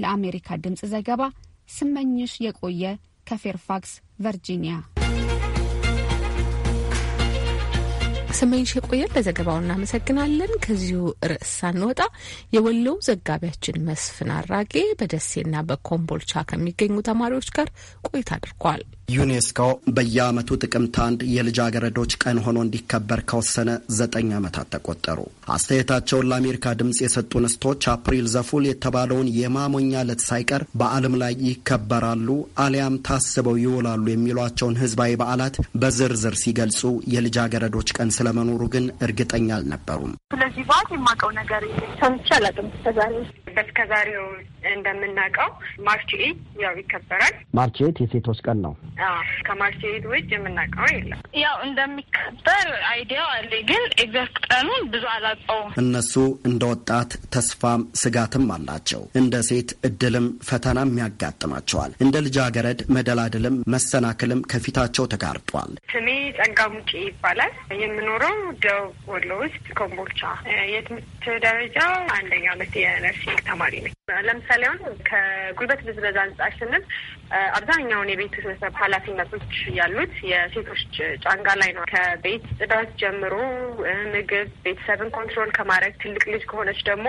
Speaker 7: ለአሜሪካ ድምፅ ዘገባ ስመኝሽ የቆየ ከፌርፋክስ
Speaker 3: ቨርጂኒያ። ስመኝሽ የቆየን ለዘገባው እናመሰግናለን። ከዚሁ ርዕስ ሳንወጣ የወሎው ዘጋቢያችን መስፍን አራጌ በደሴና በኮምቦልቻ ከሚገኙ ተማሪዎች ጋር ቆይታ አድርጓል።
Speaker 9: ዩኔስኮ በየዓመቱ ጥቅምት አንድ የልጃገረዶች ቀን ሆኖ እንዲከበር ከወሰነ ዘጠኝ ዓመታት ተቆጠሩ። አስተያየታቸውን ለአሜሪካ ድምፅ የሰጡ ንስቶች አፕሪል ዘፉል የተባለውን የማሞኛ ዕለት ሳይቀር በዓለም ላይ ይከበራሉ አሊያም ታስበው ይውላሉ የሚሏቸውን ህዝባዊ በዓላት በዝርዝር ሲገልጹ የልጃገረዶች ቀን ስለመኖሩ ግን እርግጠኛ አልነበሩም።
Speaker 10: ስለዚህ በዓል የማውቀው ነገር ሰምቼ አላውቅም። በስከዛሬው እንደምናውቀው ማርች ኤት ያው ይከበራል።
Speaker 9: ማርች ኤት የሴቶች ቀን ነው።
Speaker 10: ከማርች ኤት ውጭ የምናውቀው የለም። ያው እንደሚከበር አይዲያው አለ፣ ግን ኤግዛክት ቀኑን ብዙ አላውቀውም።
Speaker 9: እነሱ እንደ ወጣት ተስፋም ስጋትም አላቸው። እንደ ሴት እድልም ፈተናም ያጋጥማቸዋል። እንደ ልጃገረድ መደላድልም መሰናክልም ከፊታቸው ተጋርጧል።
Speaker 10: ስሜ ጸጋ ሙጬ ይባላል። የምኖረው ደቡብ ወሎ ውስጥ ኮምቦልቻ። የትምህርት ደረጃ አንደኛ ሁለት የነርሲንግ ትልቅ ተማሪ ነኝ። ለምሳሌ አሁን ከጉልበት ብዝበዛ አንጻር ስንል አብዛኛውን የቤተሰብ ኃላፊነቶች ያሉት የሴቶች ጫንጋ ላይ ነው። ከቤት ጽዳት ጀምሮ ምግብ፣ ቤተሰብን ኮንትሮል ከማድረግ ትልቅ ልጅ ከሆነች ደግሞ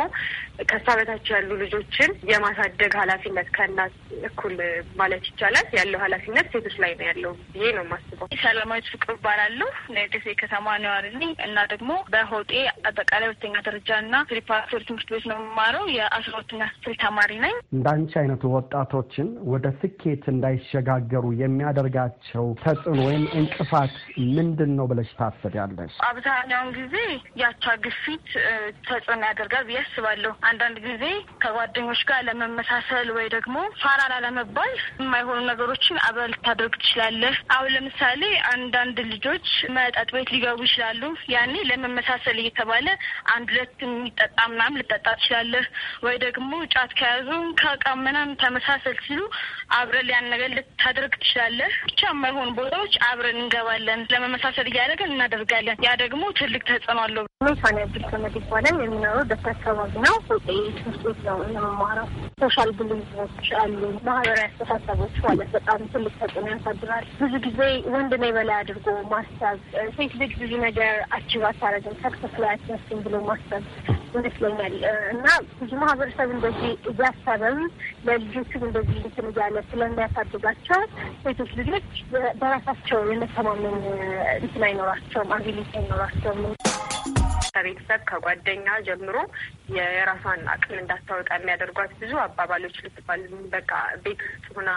Speaker 10: ከሳ በታች ያሉ ልጆችን የማሳደግ ኃላፊነት ከእናት እኩል ማለት ይቻላል ያለው ኃላፊነት ሴቶች ላይ ነው ያለው ብዬ ነው የማስበው።
Speaker 8: ሰላማዊት ፍቅር እባላለሁ። ደሴ ከተማ ነዋሪ ነኝ እና ደግሞ በሆጤ አጠቃላይ ሁለተኛ ደረጃ እና ፕሪፓራቶሪ ትምህርት ቤት ነው የምማረው። አስራ ስል ተማሪ ነኝ።
Speaker 9: እንዳንቺ አይነቱ ወጣቶችን ወደ ስኬት እንዳይሸጋገሩ የሚያደርጋቸው ተጽዕኖ ወይም እንቅፋት ምንድን ነው ብለሽ ታስቢያለሽ?
Speaker 8: አብዛኛውን ጊዜ ያቻ ግፊት ተጽዕኖ ያደርጋል ብዬ አስባለሁ። አንዳንድ ጊዜ ከጓደኞች ጋር ለመመሳሰል ወይ ደግሞ ፋራ ላለመባል የማይሆኑ ነገሮችን አበል ታደርግ ትችላለህ። አሁን ለምሳሌ አንዳንድ ልጆች መጠጥ ቤት ሊገቡ ይችላሉ። ያኔ ለመመሳሰል እየተባለ አንድ ሁለት የሚጠጣ ምናምን ልጠጣ ትችላለህ ወይ ደግሞ ጫት ከያዙን ከቀምነን ተመሳሰል ሲሉ አብረን ሊያን ነገር ልታደርግ ትችላለህ። ብቻ የማይሆኑ ቦታዎች አብረን እንገባለን። ለመመሳሰል እያደረግን እናደርጋለን። ያ ደግሞ ትልቅ
Speaker 10: ተጽዕኖ አለው። ሳኔ አብዱል ሰመድ ይባላል። የሚኖረው ደስ አካባቢ ነው። ትምህርት ነው የምማረው። ሶሻል ብሊቮች አሉ፣ ማህበራዊ አስተሳሰቦች ማለት በጣም ትልቅ ተጽዕኖ ያሳድራል። ብዙ ጊዜ ወንድ ነው የበላይ አድርጎ ማሰብ፣ ሴት ልጅ ብዙ ነገር አችባ አታረግም፣ ሰክሰስ ላይ አትመስም ብሎ ማሰብ ይመስለኛል እና ብዙ ማህበ ማህበረሰብ እንደዚህ እያሰበም ለልጆቹም እንደዚህ እንትን እያለ ስለሚያሳድጋቸው ሴቶች ልጆች በራሳቸው የመተማመን እንትን አይኖራቸውም፣ አቢሊቲ አይኖራቸውም። ከቤተሰብ ከጓደኛ ጀምሮ የራሷን አቅም እንዳታወጣ የሚያደርጓት ብዙ አባባሎች ልትባል በቃ ቤት ውስጥ ሆና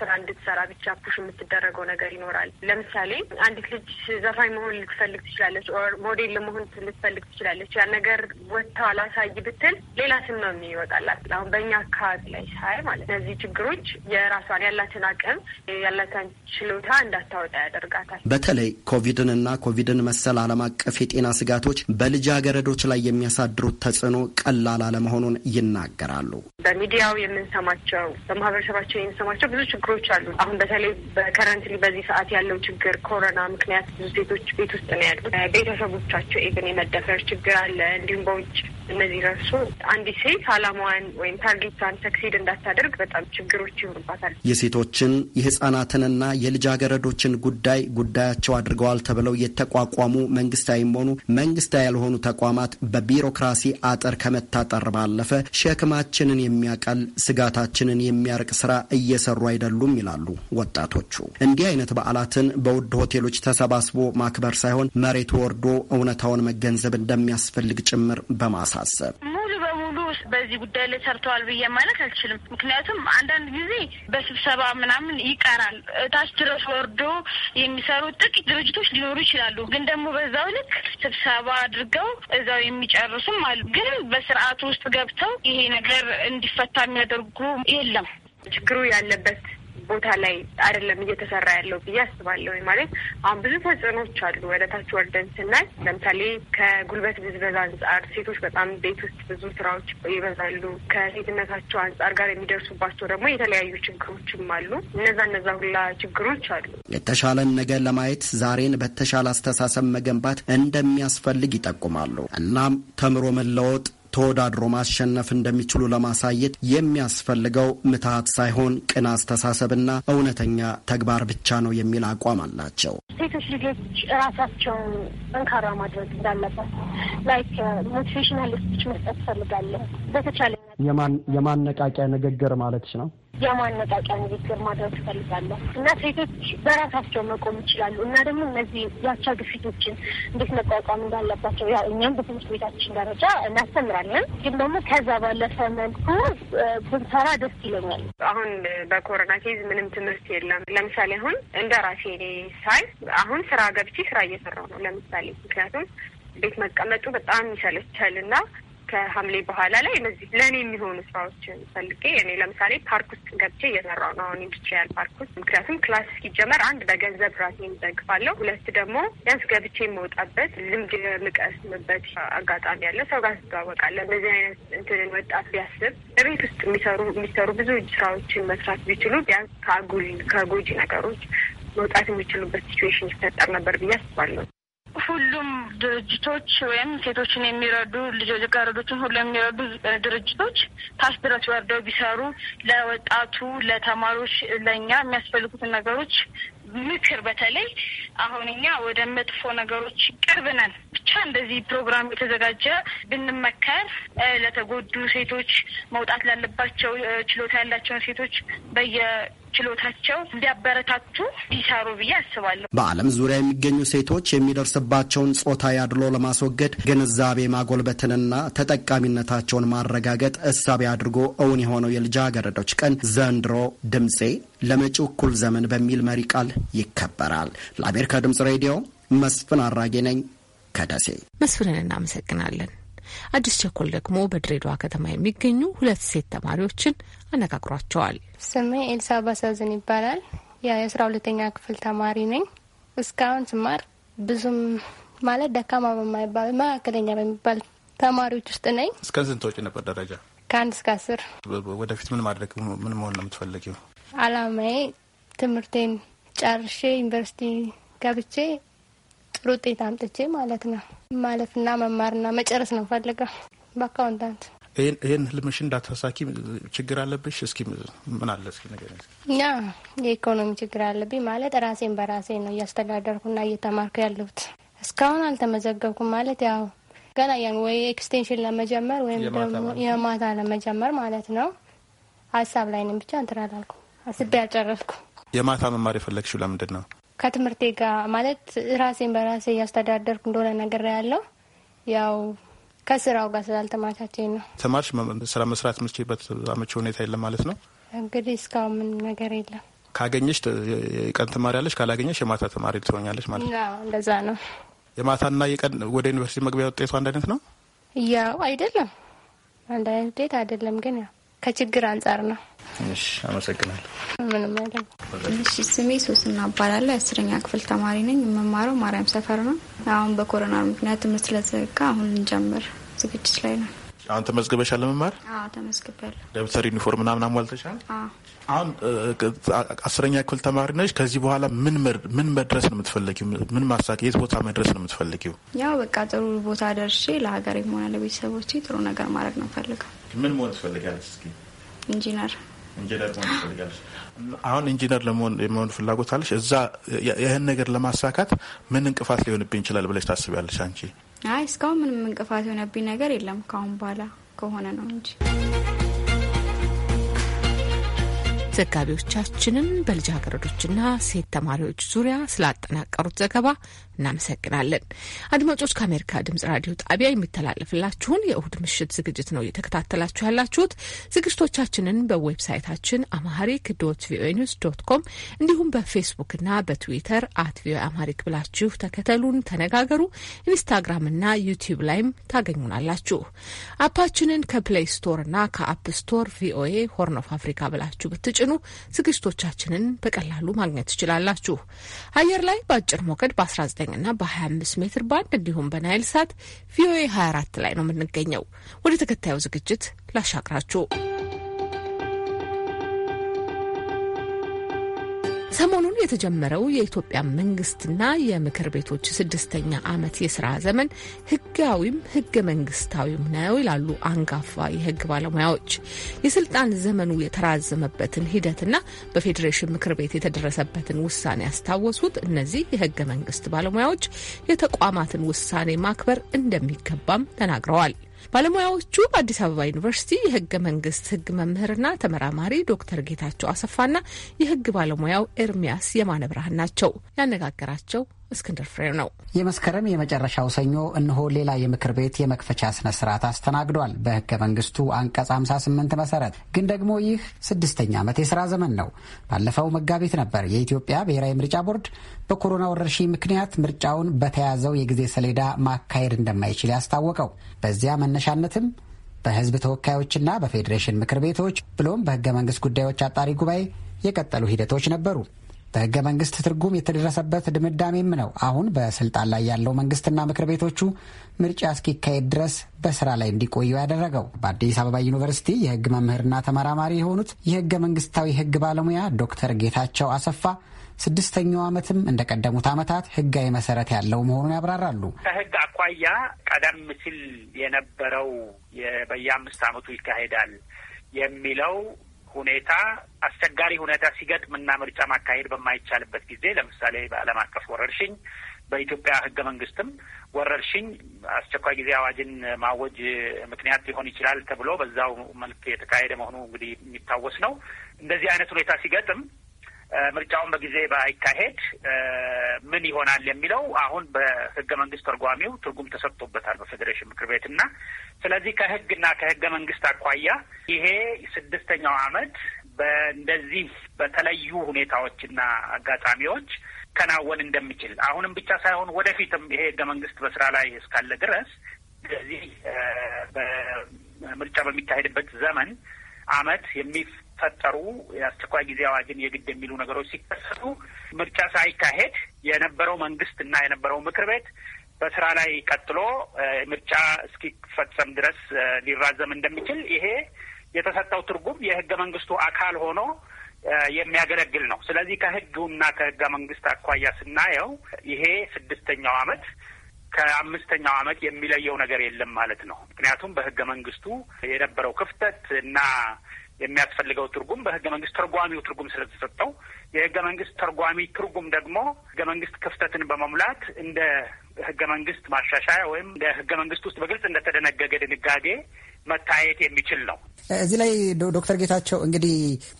Speaker 10: ስራ እንድትሰራ ብቻ ፑሽ የምትደረገው ነገር ይኖራል። ለምሳሌ አንዲት ልጅ ዘፋኝ መሆን ልትፈልግ ትችላለች፣ ኦር ሞዴል ለመሆን ልትፈልግ ትችላለች። ያ ነገር ወጥተው አላሳይ ብትል ሌላ ስም ነው የሚወጣላት። አሁን በእኛ አካባቢ ላይ ሳይ ማለት እነዚህ ችግሮች የራሷን ያላትን አቅም ያላትን ችሎታ እንዳታወጣ ያደርጋታል።
Speaker 9: በተለይ ኮቪድንና ኮቪድን መሰል ዓለም አቀፍ የጤና ስጋት ጥቃቶች በልጃገረዶች ላይ የሚያሳድሩት ተጽዕኖ ቀላል አለመሆኑን ይናገራሉ።
Speaker 10: በሚዲያው የምንሰማቸው በማህበረሰባቸው የምንሰማቸው ብዙ ችግሮች አሉ። አሁን በተለይ በከረንትሊ በዚህ ሰዓት ያለው ችግር ኮሮና ምክንያት ብዙ ሴቶች ቤት ውስጥ ነው ያሉት። ቤተሰቦቻቸው ኢቨን የመደፈር ችግር አለ። እንዲሁም በውጭ እነዚህ ረሱ አንዲት ሴት አላማዋን ወይም ታርጌቷን ሰክሲድ እንዳታደርግ በጣም ችግሮች ይሆኑባታል።
Speaker 9: የሴቶችን የህጻናትንና የልጃገረዶችን ጉዳይ ጉዳያቸው አድርገዋል ተብለው የተቋቋሙ መንግስታዊም ሆኑ መንግስታዊ ያልሆኑ ተቋማት በቢሮክራሲ አጥር ከመታጠር ባለፈ ሸክማችንን የሚያቀል ስጋታችንን የሚያርቅ ስራ እየሰሩ አይደሉም ይላሉ ወጣቶቹ። እንዲህ አይነት በዓላትን በውድ ሆቴሎች ተሰባስቦ ማክበር ሳይሆን መሬት ወርዶ እውነታውን መገንዘብ እንደሚያስፈልግ ጭምር በማሳ ሲታሰብ
Speaker 8: ሙሉ በሙሉ በዚህ ጉዳይ ላይ ሰርተዋል ብዬ ማለት አልችልም። ምክንያቱም አንዳንድ ጊዜ በስብሰባ ምናምን ይቀራል። ታች ድረስ ወርዶ የሚሰሩ ጥቂት ድርጅቶች ሊኖሩ ይችላሉ። ግን ደግሞ በዛው ልክ ስብሰባ አድርገው እዛው የሚጨርሱም አሉ። ግን በስርዓቱ ውስጥ ገብተው ይሄ ነገር
Speaker 10: እንዲፈታ የሚያደርጉ የለም። ችግሩ ያለበት ቦታ ላይ አይደለም እየተሰራ ያለው ብዬ አስባለሁ። ማለት አሁን ብዙ ተጽዕኖች አሉ። ወደታች ወርደን ስናይ ለምሳሌ ከጉልበት ብዝበዛ አንጻር ሴቶች በጣም ቤት ውስጥ ብዙ ስራዎች ይበዛሉ። ከሴትነታቸው አንጻር ጋር የሚደርሱባቸው ደግሞ የተለያዩ ችግሮችም አሉ። እነዛ እነዛ ሁላ ችግሮች
Speaker 9: አሉ። የተሻለን ነገር ለማየት ዛሬን በተሻለ አስተሳሰብ መገንባት እንደሚያስፈልግ ይጠቁማሉ። እናም ተምሮ መለወጥ ተወዳድሮ ማሸነፍ እንደሚችሉ ለማሳየት የሚያስፈልገው ምትሃት ሳይሆን ቅን አስተሳሰብና እውነተኛ ተግባር ብቻ ነው የሚል አቋም አላቸው።
Speaker 10: ሴቶች ልጆች ራሳቸውን ጠንካራ ማድረግ እንዳለበት ላይክ ሞቲቬሽናል ስፒች መስጠት ትፈልጋለሁ። በተቻለ
Speaker 4: የማነቃቂያ ንግግር ማለትሽ ነው።
Speaker 10: የማነቃቂያ ንግግር ማድረግ ትፈልጋለሁ እና ሴቶች በራሳቸው መቆም ይችላሉ እና ደግሞ እነዚህ ያቻ ግፊቶችን እንዴት መቋቋም እንዳለባቸው ያው እኛም በትምህርት ቤታችን ደረጃ እናስተምራለን። ግን ደግሞ ከዛ ባለፈ መልኩ ብንሰራ ደስ ይለኛል። አሁን በኮሮና ኬዝ ምንም ትምህርት የለም። ለምሳሌ አሁን እንደ ራሴ ሳይ አሁን ስራ ገብቼ ስራ እየሰራው ነው። ለምሳሌ ምክንያቱም ቤት መቀመጡ በጣም ይሰለቻል እና ከሐምሌ በኋላ ላይ እነዚህ ለእኔ የሚሆኑ ስራዎችን ፈልጌ እኔ ለምሳሌ ፓርክ ውስጥ ገብቼ እየሰራው ነው አሁን ኢንዱስትሪያል ፓርክ ውስጥ። ምክንያቱም ክላስ ሲጀመር አንድ በገንዘብ ራሴን ደግፋለሁ፣ ሁለት ደግሞ ቢያንስ ገብቼ የምወጣበት ልምድ የምቀስምበት አጋጣሚ ያለ ሰው ጋር ትተዋወቃለህ። እንደዚህ አይነት እንትንን ወጣት ቢያስብ በቤት ውስጥ የሚሰሩ የሚሰሩ ብዙ እጅ ስራዎችን መስራት ቢችሉ ቢያንስ ከአጉል ከጎጂ ነገሮች መውጣት የሚችሉበት ሲትዌሽን ይፈጠር ነበር ብዬ አስባለሁ።
Speaker 8: ሁሉም ድርጅቶች ወይም ሴቶችን የሚረዱ ልጆች ጋረዶችን ሁሉ የሚረዱ ድርጅቶች ታች ድረስ ወርደው ቢሰሩ ለወጣቱ፣ ለተማሪዎች፣ ለእኛ የሚያስፈልጉትን ነገሮች ምክር በተለይ አሁን እኛ ወደ መጥፎ ነገሮች ቅርብ ነን። ብቻ እንደዚህ ፕሮግራም የተዘጋጀ ብንመከር ለተጎዱ ሴቶች መውጣት ላለባቸው ችሎታ ያላቸውን ሴቶች በየ ችሎታቸው እንዲያበረታቱ ሊሰሩ ብዬ አስባለሁ።
Speaker 9: በዓለም ዙሪያ የሚገኙ ሴቶች የሚደርስባቸውን ጾታ አድሎ ለማስወገድ ግንዛቤ ማጎልበትንና ተጠቃሚነታቸውን ማረጋገጥ እሳቤ አድርጎ እውን የሆነው የልጃገረዶች ቀን ዘንድሮ ድምፄ ለመጪው እኩል ዘመን በሚል መሪ ቃል ይከበራል። ለአሜሪካ ድምጽ ሬዲዮ መስፍን አራጌ ነኝ ከደሴ።
Speaker 3: መስፍንን እናመሰግናለን። አዲስ ቸኮል ደግሞ በድሬዳዋ ከተማ የሚገኙ ሁለት ሴት ተማሪዎችን አነጋግሯቸዋል።
Speaker 2: ስሜ ኤልሳ ባሳዝን ይባላል። የአስራ ሁለተኛ ክፍል ተማሪ ነኝ። እስካሁን ስማር ብዙም ማለት ደካማ በማይባል መካከለኛ በሚባል ተማሪዎች ውስጥ ነኝ።
Speaker 11: እስከ ስንት ወጪ ነበር ደረጃ?
Speaker 2: ከአንድ እስከ አስር።
Speaker 11: ወደፊት ምን ማድረግ ምን መሆን ነው የምትፈልጊው?
Speaker 2: አላማዬ ትምህርቴን ጨርሼ ዩኒቨርሲቲ ገብቼ ጥሩ ውጤት አምጥቼ ማለት ነው ማለፍና መማርና መጨረስ ነው ፈልገው በአካውንታንት
Speaker 11: ይህን ህልምሽ እንዳታሳኪ ችግር አለብሽ? እስኪ ምን አለ እስኪ ነገር
Speaker 2: የኢኮኖሚ ችግር አለብኝ ማለት ራሴን በራሴ ነው እያስተዳደርኩና እየተማርኩ ያለሁት። እስካሁን አልተመዘገብኩም ማለት ያው ገና ያን ወይ ኤክስቴንሽን ለመጀመር ወይም ደግሞ የማታ ለመጀመር ማለት ነው ሀሳብ ላይ ነኝ። ብቻ እንትን አላልኩም፣ አስቤ ያጨረስኩ።
Speaker 11: የማታ መማር የፈለግሽው ለምንድን ነው?
Speaker 2: ከትምህርቴ ጋር ማለት ራሴን በራሴ እያስተዳደርኩ እንደሆነ ነገር ያለው ያው ከስራው ጋር ስላልተማቻቸኝ ነው።
Speaker 11: ተማርሽ ስራ መስራት የምችበት አመቺ ሁኔታ የለም ማለት ነው።
Speaker 2: እንግዲህ እስካሁን ምን ነገር የለም።
Speaker 11: ካገኘሽ የቀን ያለች ካላገኘሽ የማታ ተማሪ ትሆኛለች ማለት
Speaker 2: ነው። እንደዛ ነው።
Speaker 11: የማታና የቀን ወደ ዩኒቨርሲቲ መግቢያ ውጤቱ አንድ አይነት ነው?
Speaker 2: ያው አይደለም፣ አንድ አይነት ውጤት አይደለም ግን ያው ከችግር አንጻር ነው። አመሰግናለሁ። ምንም አይደለም። እሺ፣ ስሜ
Speaker 5: ሶስና እባላለሁ። አስረኛ ክፍል ተማሪ ነኝ። የምማረው ማርያም ሰፈር ነው። አሁን በኮሮና ምክንያት ትምህርት ስለዘጋ አሁን ልንጀምር ዝግጅት ላይ ነው።
Speaker 11: አሁን ተመዝግበሻል ለመማር? ተመዝግበል። ደብተር፣ ዩኒፎርም ምናምን አሟልተሻል? አሁን አስረኛ ክፍል ተማሪ ነች። ከዚህ በኋላ ምን መድረስ ነው የምትፈለጊው? ምን ማሳ የት ቦታ መድረስ ነው የምትፈልጊው?
Speaker 5: ያው በቃ ጥሩ ቦታ ደርሼ ለሀገሬም ሆነ ለቤተሰቦቼ ጥሩ ነገር ማድረግ ነው ፈልገው
Speaker 11: ምን መሆን ትፈልጋለች? እስኪ ኢንጂነር ኢንጂነር መሆን ትፈልጋለች። አሁን ኢንጂነር ለመሆን ፍላጎት አለች። እዛ ይህን ነገር ለማሳካት ምን እንቅፋት ሊሆንብኝ ይችላል ብለች ታስቢያለች አንቺ?
Speaker 5: አይ እስካሁን ምንም እንቅፋት የሆነብኝ ነገር የለም። ካሁን በኋላ ከሆነ ነው እንጂ
Speaker 3: ዘጋቢዎቻችንን በልጃገረዶችና ሴት ተማሪዎች ዙሪያ ስላጠናቀሩት ዘገባ እናመሰግናለን። አድማጮች፣ ከአሜሪካ ድምጽ ራዲዮ ጣቢያ የሚተላለፍላችሁን የእሁድ ምሽት ዝግጅት ነው እየተከታተላችሁ ያላችሁት። ዝግጅቶቻችንን በዌብሳይታችን አማሪክ ዶት ቪኦኤ ኒውስ ዶት ኮም እንዲሁም በፌስቡክና በትዊተር አት ቪኦኤ አማሪክ ብላችሁ ተከተሉን፣ ተነጋገሩ። ኢንስታግራምና ዩቲዩብ ላይም ታገኙናላችሁ። አፓችንን ከፕሌይ ስቶርና ከአፕ ስቶር ቪኦኤ ሆርን ኦፍ አፍሪካ ብላችሁ ብትጭ ስትጭኑ ዝግጅቶቻችንን በቀላሉ ማግኘት ትችላላችሁ። አየር ላይ በአጭር ሞገድ በ19ና በ25 ሜትር ባንድ እንዲሁም በናይል ሳት ቪኦኤ 24 ላይ ነው የምንገኘው። ወደ ተከታዩ ዝግጅት ላሻግራችሁ። ሰሞኑን የተጀመረው የኢትዮጵያ መንግስትና የምክር ቤቶች ስድስተኛ ዓመት የስራ ዘመን ህጋዊም ህገ መንግስታዊም ነው ይላሉ አንጋፋ የህግ ባለሙያዎች። የስልጣን ዘመኑ የተራዘመበትን ሂደትና በፌዴሬሽን ምክር ቤት የተደረሰበትን ውሳኔ ያስታወሱት እነዚህ የህገ መንግስት ባለሙያዎች የተቋማትን ውሳኔ ማክበር እንደሚገባም ተናግረዋል። ባለሙያዎቹ በአዲስ አበባ ዩኒቨርሲቲ የህገ መንግስት ህግ መምህርና ተመራማሪ ዶክተር ጌታቸው አሰፋና የህግ ባለሙያው ኤርሚያስ የማነ ብርሃን ናቸው ያነጋገራቸው እስክንድር ፍሬው ነው።
Speaker 12: የመስከረም የመጨረሻው ሰኞ እነሆ ሌላ የምክር ቤት የመክፈቻ ስነ ስርዓት አስተናግዷል። በህገ መንግስቱ አንቀጽ 58 መሰረት ግን ደግሞ ይህ ስድስተኛ ዓመት የስራ ዘመን ነው። ባለፈው መጋቢት ነበር የኢትዮጵያ ብሔራዊ ምርጫ ቦርድ በኮሮና ወረርሽኝ ምክንያት ምርጫውን በተያዘው የጊዜ ሰሌዳ ማካሄድ እንደማይችል ያስታወቀው። በዚያ መነሻነትም በህዝብ ተወካዮችና በፌዴሬሽን ምክር ቤቶች ብሎም በህገ መንግስት ጉዳዮች አጣሪ ጉባኤ የቀጠሉ ሂደቶች ነበሩ። በህገ መንግስት ትርጉም የተደረሰበት ድምዳሜም ነው አሁን በስልጣን ላይ ያለው መንግስትና ምክር ቤቶቹ ምርጫ እስኪካሄድ ድረስ በስራ ላይ እንዲቆዩ ያደረገው። በአዲስ አበባ ዩኒቨርሲቲ የህግ መምህርና ተመራማሪ የሆኑት የህገ መንግስታዊ ህግ ባለሙያ ዶክተር ጌታቸው አሰፋ ስድስተኛው ዓመትም እንደ ቀደሙት ዓመታት ህጋዊ መሰረት ያለው መሆኑን ያብራራሉ።
Speaker 13: ከህግ አኳያ
Speaker 14: ቀደም ሲል የነበረው በየአምስት ዓመቱ ይካሄዳል የሚለው ሁኔታ አስቸጋሪ ሁኔታ ሲገጥምና ምርጫ ማካሄድ በማይቻልበት ጊዜ ለምሳሌ በዓለም አቀፍ ወረርሽኝ በኢትዮጵያ ሕገ መንግስትም ወረርሽኝ አስቸኳይ ጊዜ አዋጅን ማወጅ ምክንያት ሊሆን ይችላል ተብሎ በዛው መልክ የተካሄደ መሆኑ እንግዲህ የሚታወስ ነው። እንደዚህ አይነት ሁኔታ ሲገጥም ምርጫውን በጊዜ ባይካሄድ ምን ይሆናል የሚለው አሁን በህገ መንግስት ተርጓሚው ትርጉም ተሰጥቶበታል በፌዴሬሽን ምክር ቤት እና ስለዚህ ከህግና ከህገ መንግስት አኳያ ይሄ ስድስተኛው አመት በእንደዚህ በተለዩ ሁኔታዎችና አጋጣሚዎች ከናወን እንደሚችል አሁንም ብቻ ሳይሆን ወደፊትም ይሄ ህገ መንግስት በስራ ላይ እስካለ ድረስ ስለዚህ ምርጫ በሚካሄድበት ዘመን አመት ሲፈጠሩ የአስቸኳይ ጊዜ አዋጅን የግድ የሚሉ ነገሮች ሲከሰቱ ምርጫ ሳይካሄድ የነበረው መንግስት እና የነበረው ምክር ቤት በስራ ላይ ቀጥሎ ምርጫ እስኪፈጸም ድረስ ሊራዘም እንደሚችል ይሄ የተሰጠው ትርጉም የህገ መንግስቱ አካል ሆኖ የሚያገለግል ነው። ስለዚህ ከህጉና ከህገ መንግስት አኳያ ስናየው ይሄ ስድስተኛው አመት ከአምስተኛው አመት የሚለየው ነገር የለም ማለት ነው። ምክንያቱም በህገ መንግስቱ የነበረው ክፍተት እና የሚያስፈልገው ትርጉም በህገ መንግስት ተርጓሚው ትርጉም ስለተሰጠው የህገ መንግስት ተርጓሚ ትርጉም ደግሞ ህገ መንግስት ክፍተትን በመሙላት እንደ ህገ መንግስት ማሻሻያ ወይም እንደ ህገ መንግስት ውስጥ በግልጽ እንደተደነገገ ድንጋጌ መታየት የሚችል ነው። እዚህ ላይ
Speaker 12: ዶክተር ጌታቸው እንግዲህ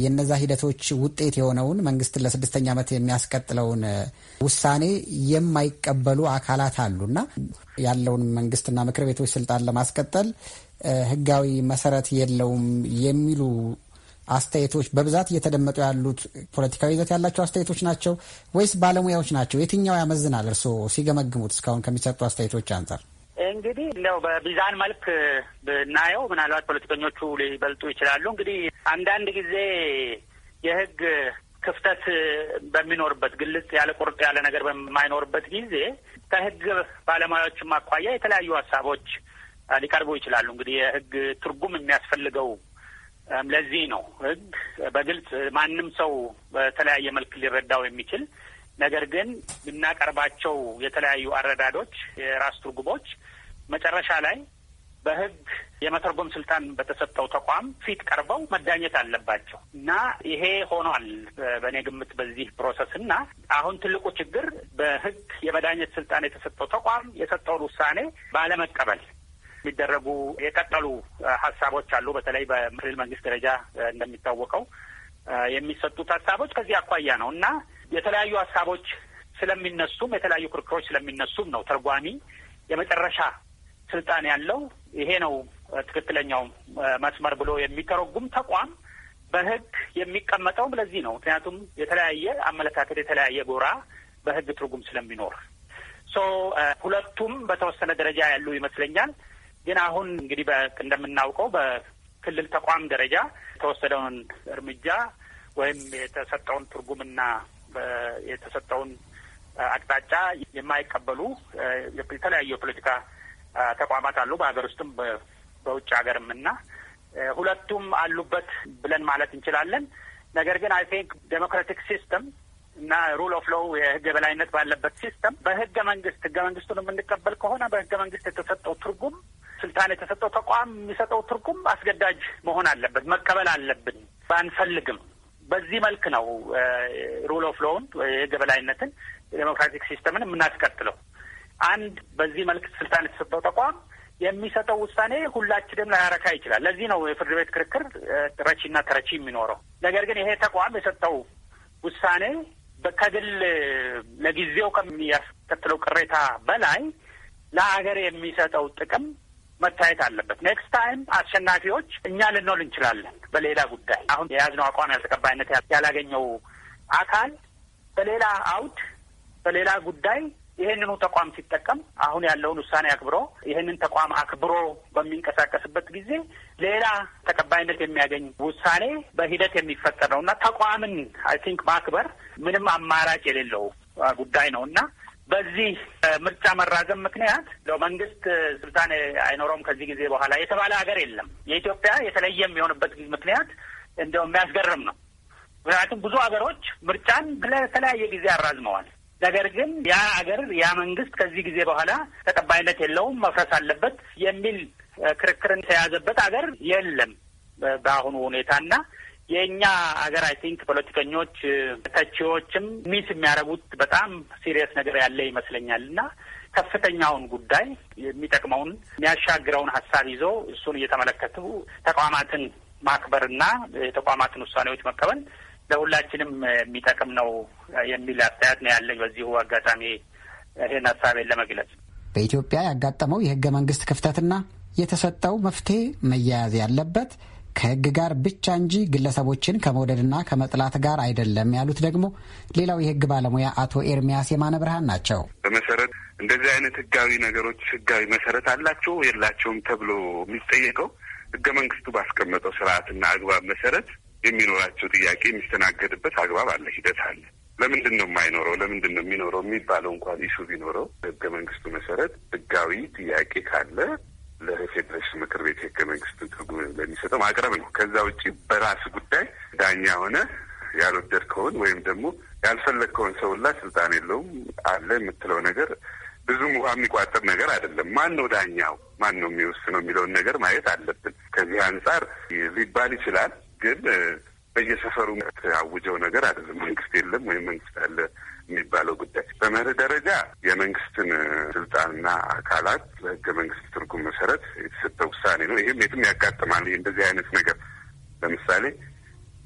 Speaker 12: የነዛ ሂደቶች ውጤት የሆነውን መንግስትን ለስድስተኛ ዓመት የሚያስቀጥለውን ውሳኔ የማይቀበሉ አካላት አሉና ያለውን መንግስትና ምክር ቤቶች ስልጣን ለማስቀጠል ህጋዊ መሰረት የለውም የሚሉ አስተያየቶች በብዛት እየተደመጡ ያሉት ፖለቲካዊ ይዘት ያላቸው አስተያየቶች ናቸው ወይስ ባለሙያዎች ናቸው? የትኛው ያመዝናል? እርስዎ ሲገመግሙት እስካሁን ከሚሰጡ አስተያየቶች አንጻር
Speaker 14: እንግዲህ ለው በሚዛን መልክ ብናየው ምናልባት ፖለቲከኞቹ ሊበልጡ ይችላሉ። እንግዲህ አንዳንድ ጊዜ የህግ ክፍተት በሚኖርበት ግልጽ ያለ ቁርጥ ያለ ነገር በማይኖርበት ጊዜ ከህግ ባለሙያዎችም አኳያ የተለያዩ ሀሳቦች ሊቀርቡ ይችላሉ። እንግዲህ የህግ ትርጉም የሚያስፈልገው ለዚህ ነው። ህግ በግልጽ ማንም ሰው በተለያየ መልክ ሊረዳው የሚችል ነገር ግን ብናቀርባቸው የተለያዩ አረዳዶች፣ የራስ ትርጉሞች መጨረሻ ላይ በህግ የመተርጎም ስልጣን በተሰጠው ተቋም ፊት ቀርበው መዳኘት አለባቸው እና ይሄ ሆኗል በእኔ ግምት በዚህ ፕሮሰስ እና አሁን ትልቁ ችግር በህግ የመዳኘት ስልጣን የተሰጠው ተቋም የሰጠውን ውሳኔ ባለመቀበል የሚደረጉ የቀጠሉ ሀሳቦች አሉ። በተለይ በክልል መንግስት ደረጃ እንደሚታወቀው የሚሰጡት ሀሳቦች ከዚህ አኳያ ነው እና የተለያዩ ሀሳቦች ስለሚነሱም የተለያዩ ክርክሮች ስለሚነሱም ነው ተርጓሚ የመጨረሻ ስልጣን ያለው ይሄ ነው ትክክለኛው መስመር ብሎ የሚተረጉም ተቋም በህግ የሚቀመጠው ለዚህ ነው። ምክንያቱም የተለያየ አመለካከት የተለያየ ጎራ በህግ ትርጉም ስለሚኖር ሶ ሁለቱም በተወሰነ ደረጃ ያሉ ይመስለኛል። ግን አሁን እንግዲህ እንደምናውቀው በክልል ተቋም ደረጃ የተወሰደውን እርምጃ ወይም የተሰጠውን ትርጉምና የተሰጠውን አቅጣጫ የማይቀበሉ የተለያዩ የፖለቲካ ተቋማት አሉ፣ በሀገር ውስጥም በውጭ ሀገርም እና ሁለቱም አሉበት ብለን ማለት እንችላለን። ነገር ግን አይ ቲንክ ዴሞክራቲክ ሲስተም እና ሩል ኦፍ ሎው የህግ የበላይነት ባለበት ሲስተም በህገ መንግስት ህገ መንግስቱን የምንቀበል ከሆነ በህገ መንግስት የተሰጠው ትርጉም ስልጣን የተሰጠው ተቋም የሚሰጠው ትርጉም አስገዳጅ መሆን አለበት፣ መቀበል አለብን፣ ባንፈልግም በዚህ መልክ ነው ሩል ኦፍ ሎውን የህግ የበላይነትን ዴሞክራቲክ ሲስተምን የምናስቀጥለው። አንድ በዚህ መልክ ስልጣን የተሰጠው ተቋም የሚሰጠው ውሳኔ ሁላችንም ላያረካ ይችላል። ለዚህ ነው የፍርድ ቤት ክርክር ረቺና ተረቺ የሚኖረው። ነገር ግን ይሄ ተቋም የሰጠው ውሳኔ ከግል ለጊዜው ከሚያስከትለው ቅሬታ በላይ ለሀገር የሚሰጠው ጥቅም መታየት አለበት። ኔክስት ታይም አሸናፊዎች እኛ ልንሆን እንችላለን። በሌላ ጉዳይ አሁን የያዝነው አቋም ያልተቀባይነት ያላገኘው አካል በሌላ አውድ በሌላ ጉዳይ ይህንኑ ተቋም ሲጠቀም አሁን ያለውን ውሳኔ አክብሮ ይህንን ተቋም አክብሮ በሚንቀሳቀስበት ጊዜ ሌላ ተቀባይነት የሚያገኝ ውሳኔ በሂደት የሚፈጠር ነው እና ተቋምን አይ ቲንክ ማክበር ምንም አማራጭ የሌለው ጉዳይ ነው እና በዚህ ምርጫ መራዘም ምክንያት መንግስት ስልጣን አይኖረውም ከዚህ ጊዜ በኋላ የተባለ ሀገር የለም። የኢትዮጵያ የተለየ የሚሆንበት ምክንያት እንደው የሚያስገርም ነው። ምክንያቱም ብዙ ሀገሮች ምርጫን ለተለያየ ጊዜ አራዝመዋል። ነገር ግን ያ ሀገር ያ መንግስት ከዚህ ጊዜ በኋላ ተቀባይነት የለውም፣ መፍረስ አለበት የሚል ክርክርን የተያዘበት ሀገር የለም በአሁኑ ሁኔታና የእኛ ሀገር አይ ቲንክ ፖለቲከኞች ተቺዎችም ሚስ የሚያደርጉት በጣም ሲሪየስ ነገር ያለ ይመስለኛል እና ከፍተኛውን ጉዳይ የሚጠቅመውን የሚያሻግረውን ሀሳብ ይዞ እሱን እየተመለከቱ ተቋማትን ማክበርና የተቋማትን ውሳኔዎች መቀበል ለሁላችንም የሚጠቅም ነው የሚል አስተያየት ነው ያለኝ። በዚሁ አጋጣሚ ይህን ሀሳቤን ለመግለጽ
Speaker 12: በኢትዮጵያ ያጋጠመው የህገ መንግስት ክፍተትና የተሰጠው መፍትሄ መያያዝ ያለበት ከህግ ጋር ብቻ እንጂ ግለሰቦችን ከመውደድና ከመጥላት ጋር አይደለም ያሉት ደግሞ ሌላው የህግ ባለሙያ አቶ ኤርሚያስ የማነ ብርሃን ናቸው።
Speaker 15: በመሰረት እንደዚህ አይነት ህጋዊ ነገሮች ህጋዊ መሰረት አላቸው የላቸውም ተብሎ የሚጠየቀው ህገ መንግስቱ ባስቀመጠው ስርዓትና አግባብ መሰረት የሚኖራቸው ጥያቄ የሚስተናገድበት አግባብ አለ፣ ሂደት አለ። ለምንድን ነው የማይኖረው? ለምንድን ነው የሚኖረው የሚባለው እንኳን ኢሹ ቢኖረው በህገ መንግስቱ መሰረት ህጋዊ ጥያቄ ካለ ለፌዴሬሽን ምክር ቤት ህገ መንግስትን ትርጉም ለሚሰጠው ማቅረብ ነው። ከዛ ውጭ በራስ ጉዳይ ዳኛ ሆነ ያልወደድከውን ወይም ደግሞ ያልፈለግከውን ሰውላ ስልጣን የለውም አለ የምትለው ነገር ብዙም ውሃ የሚቋጠር ነገር አይደለም። ማን ነው ዳኛው? ማን ነው የሚወስነው የሚለውን ነገር ማየት አለብን። ከዚህ አንጻር ሊባል ይችላል፣ ግን በየሰፈሩ አውጀው ነገር አይደለም። መንግስት የለም ወይም መንግስት አለ የሚባለው ጉዳይ በመርህ ደረጃ የመንግስትን ስልጣንና አካላት በህገ መንግስት ትርጉም መሰረት የተሰጠ ውሳኔ ነው። ይህም የትም ያጋጥማል። እንደዚህ አይነት ነገር ለምሳሌ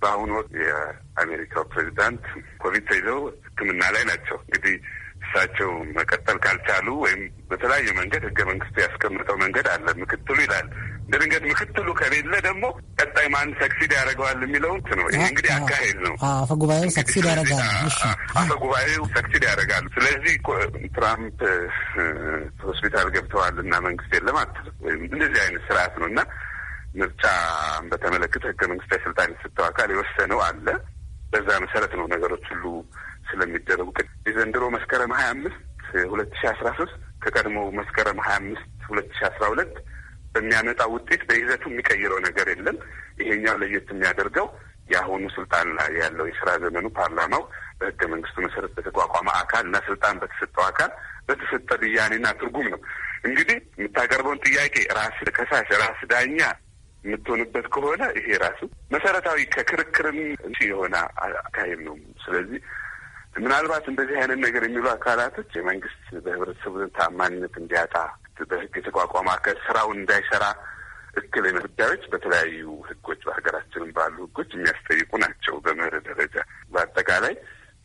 Speaker 15: በአሁኑ ወቅት የአሜሪካው ፕሬዚዳንት ኮቪድ ተይዘው ሕክምና ላይ ናቸው። እንግዲህ እሳቸው መቀጠል ካልቻሉ ወይም በተለያየ መንገድ ህገ መንግስቱ ያስቀምጠው መንገድ አለ። ምክትሉ ይላል። ድንገት ምክትሉ ከሌለ ደግሞ ቀጣይ ማን ሰክሲድ ያደርገዋል የሚለውን ነው። ይሄ እንግዲህ አካሄድ ነው።
Speaker 12: አፈ ጉባኤው ሰክሲድ ያደርጋል።
Speaker 15: አፈ ጉባኤው ሰክሲድ ያደርጋሉ። ስለዚህ ትራምፕ ሆስፒታል ገብተዋል እና መንግስት የለም አትል ወይም እንደዚህ አይነት ስርዓት ነው እና ምርጫ በተመለከተ ህገ መንግስታዊ ስልጣን የሰጠው አካል የወሰነው አለ። በዛ መሰረት ነው ነገሮች ሁሉ ስለሚደረጉ የዘንድሮ መስከረም ሀያ አምስት ሁለት ሺ አስራ ሶስት ከቀድሞ መስከረም ሀያ አምስት ሁለት ሺ አስራ ሁለት በሚያመጣ ውጤት በይዘቱ የሚቀይረው ነገር የለም። ይሄኛው ለየት የሚያደርገው የአሁኑ ስልጣን ላይ ያለው የስራ ዘመኑ ፓርላማው በህገ መንግስቱ መሰረት በተቋቋመ አካል እና ስልጣን በተሰጠው አካል በተሰጠ ብያኔና ትርጉም ነው። እንግዲህ የምታቀርበውን ጥያቄ ራስ ከሳሽ ራስ ዳኛ የምትሆንበት ከሆነ ይሄ ራሱ መሰረታዊ ከክርክርም የሆነ አካሄድ ነው። ስለዚህ ምናልባት እንደዚህ አይነት ነገር የሚሉ አካላቶች የመንግስት በህብረተሰቡ ታማኝነት እንዲያጣ በህግ የተቋቋመ አካል ስራውን እንዳይሰራ እክል ጉዳዮች በተለያዩ ህጎች በሀገራችንም ባሉ ህጎች የሚያስጠይቁ ናቸው። በምህር ደረጃ በአጠቃላይ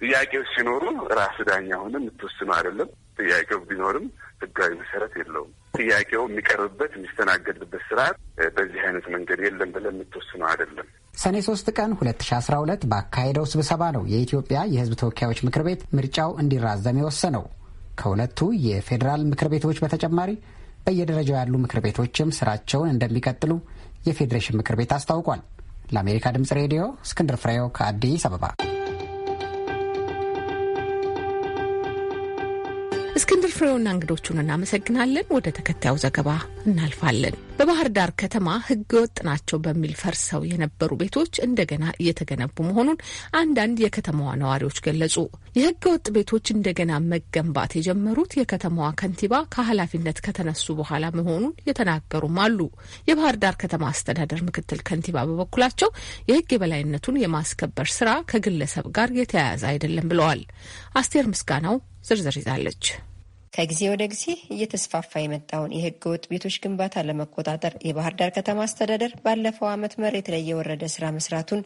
Speaker 15: ጥያቄዎች ሲኖሩ ራስ ዳኛ ሆነ የምትወስኑ አይደለም። ጥያቄው ቢኖርም ህጋዊ መሰረት የለውም። ጥያቄው የሚቀርብበት የሚስተናገድበት ስርዓት በዚህ አይነት መንገድ የለም ብለን የምትወስኑ አይደለም።
Speaker 12: ሰኔ 3 ቀን 2012 ባካሄደው ስብሰባ ነው የኢትዮጵያ የሕዝብ ተወካዮች ምክር ቤት ምርጫው እንዲራዘም የወሰነው። ከሁለቱ የፌዴራል ምክር ቤቶች በተጨማሪ በየደረጃው ያሉ ምክር ቤቶችም ስራቸውን እንደሚቀጥሉ የፌዴሬሽን ምክር ቤት አስታውቋል።
Speaker 3: ለአሜሪካ ድምጽ ሬዲዮ እስክንድር ፍሬው ከአዲስ አበባ እስክንድር ፍሬውና እንግዶቹን እናመሰግናለን። ወደ ተከታዩ ዘገባ እናልፋለን። በባህር ዳር ከተማ ወጥ ናቸው በሚል ፈርሰው የነበሩ ቤቶች እንደገና እየተገነቡ መሆኑን አንዳንድ የከተማዋ ነዋሪዎች ገለጹ። ወጥ ቤቶች እንደገና መገንባት የጀመሩት የከተማዋ ከንቲባ ከኃላፊነት ከተነሱ በኋላ መሆኑን የተናገሩም አሉ። የባህር ዳር ከተማ አስተዳደር ምክትል ከንቲባ በበኩላቸው የህግ የበላይነቱን የማስከበር ስራ ከግለሰብ ጋር የተያያዘ አይደለም ብለዋል። አስቴር ምስጋናው ዝርዝር ይዛለች።
Speaker 16: ከጊዜ ወደ ጊዜ እየተስፋፋ የመጣውን የህገ ወጥ ቤቶች ግንባታ ለመቆጣጠር የባህር ዳር ከተማ አስተዳደር ባለፈው ዓመት መሬት ላይ የወረደ ስራ መስራቱን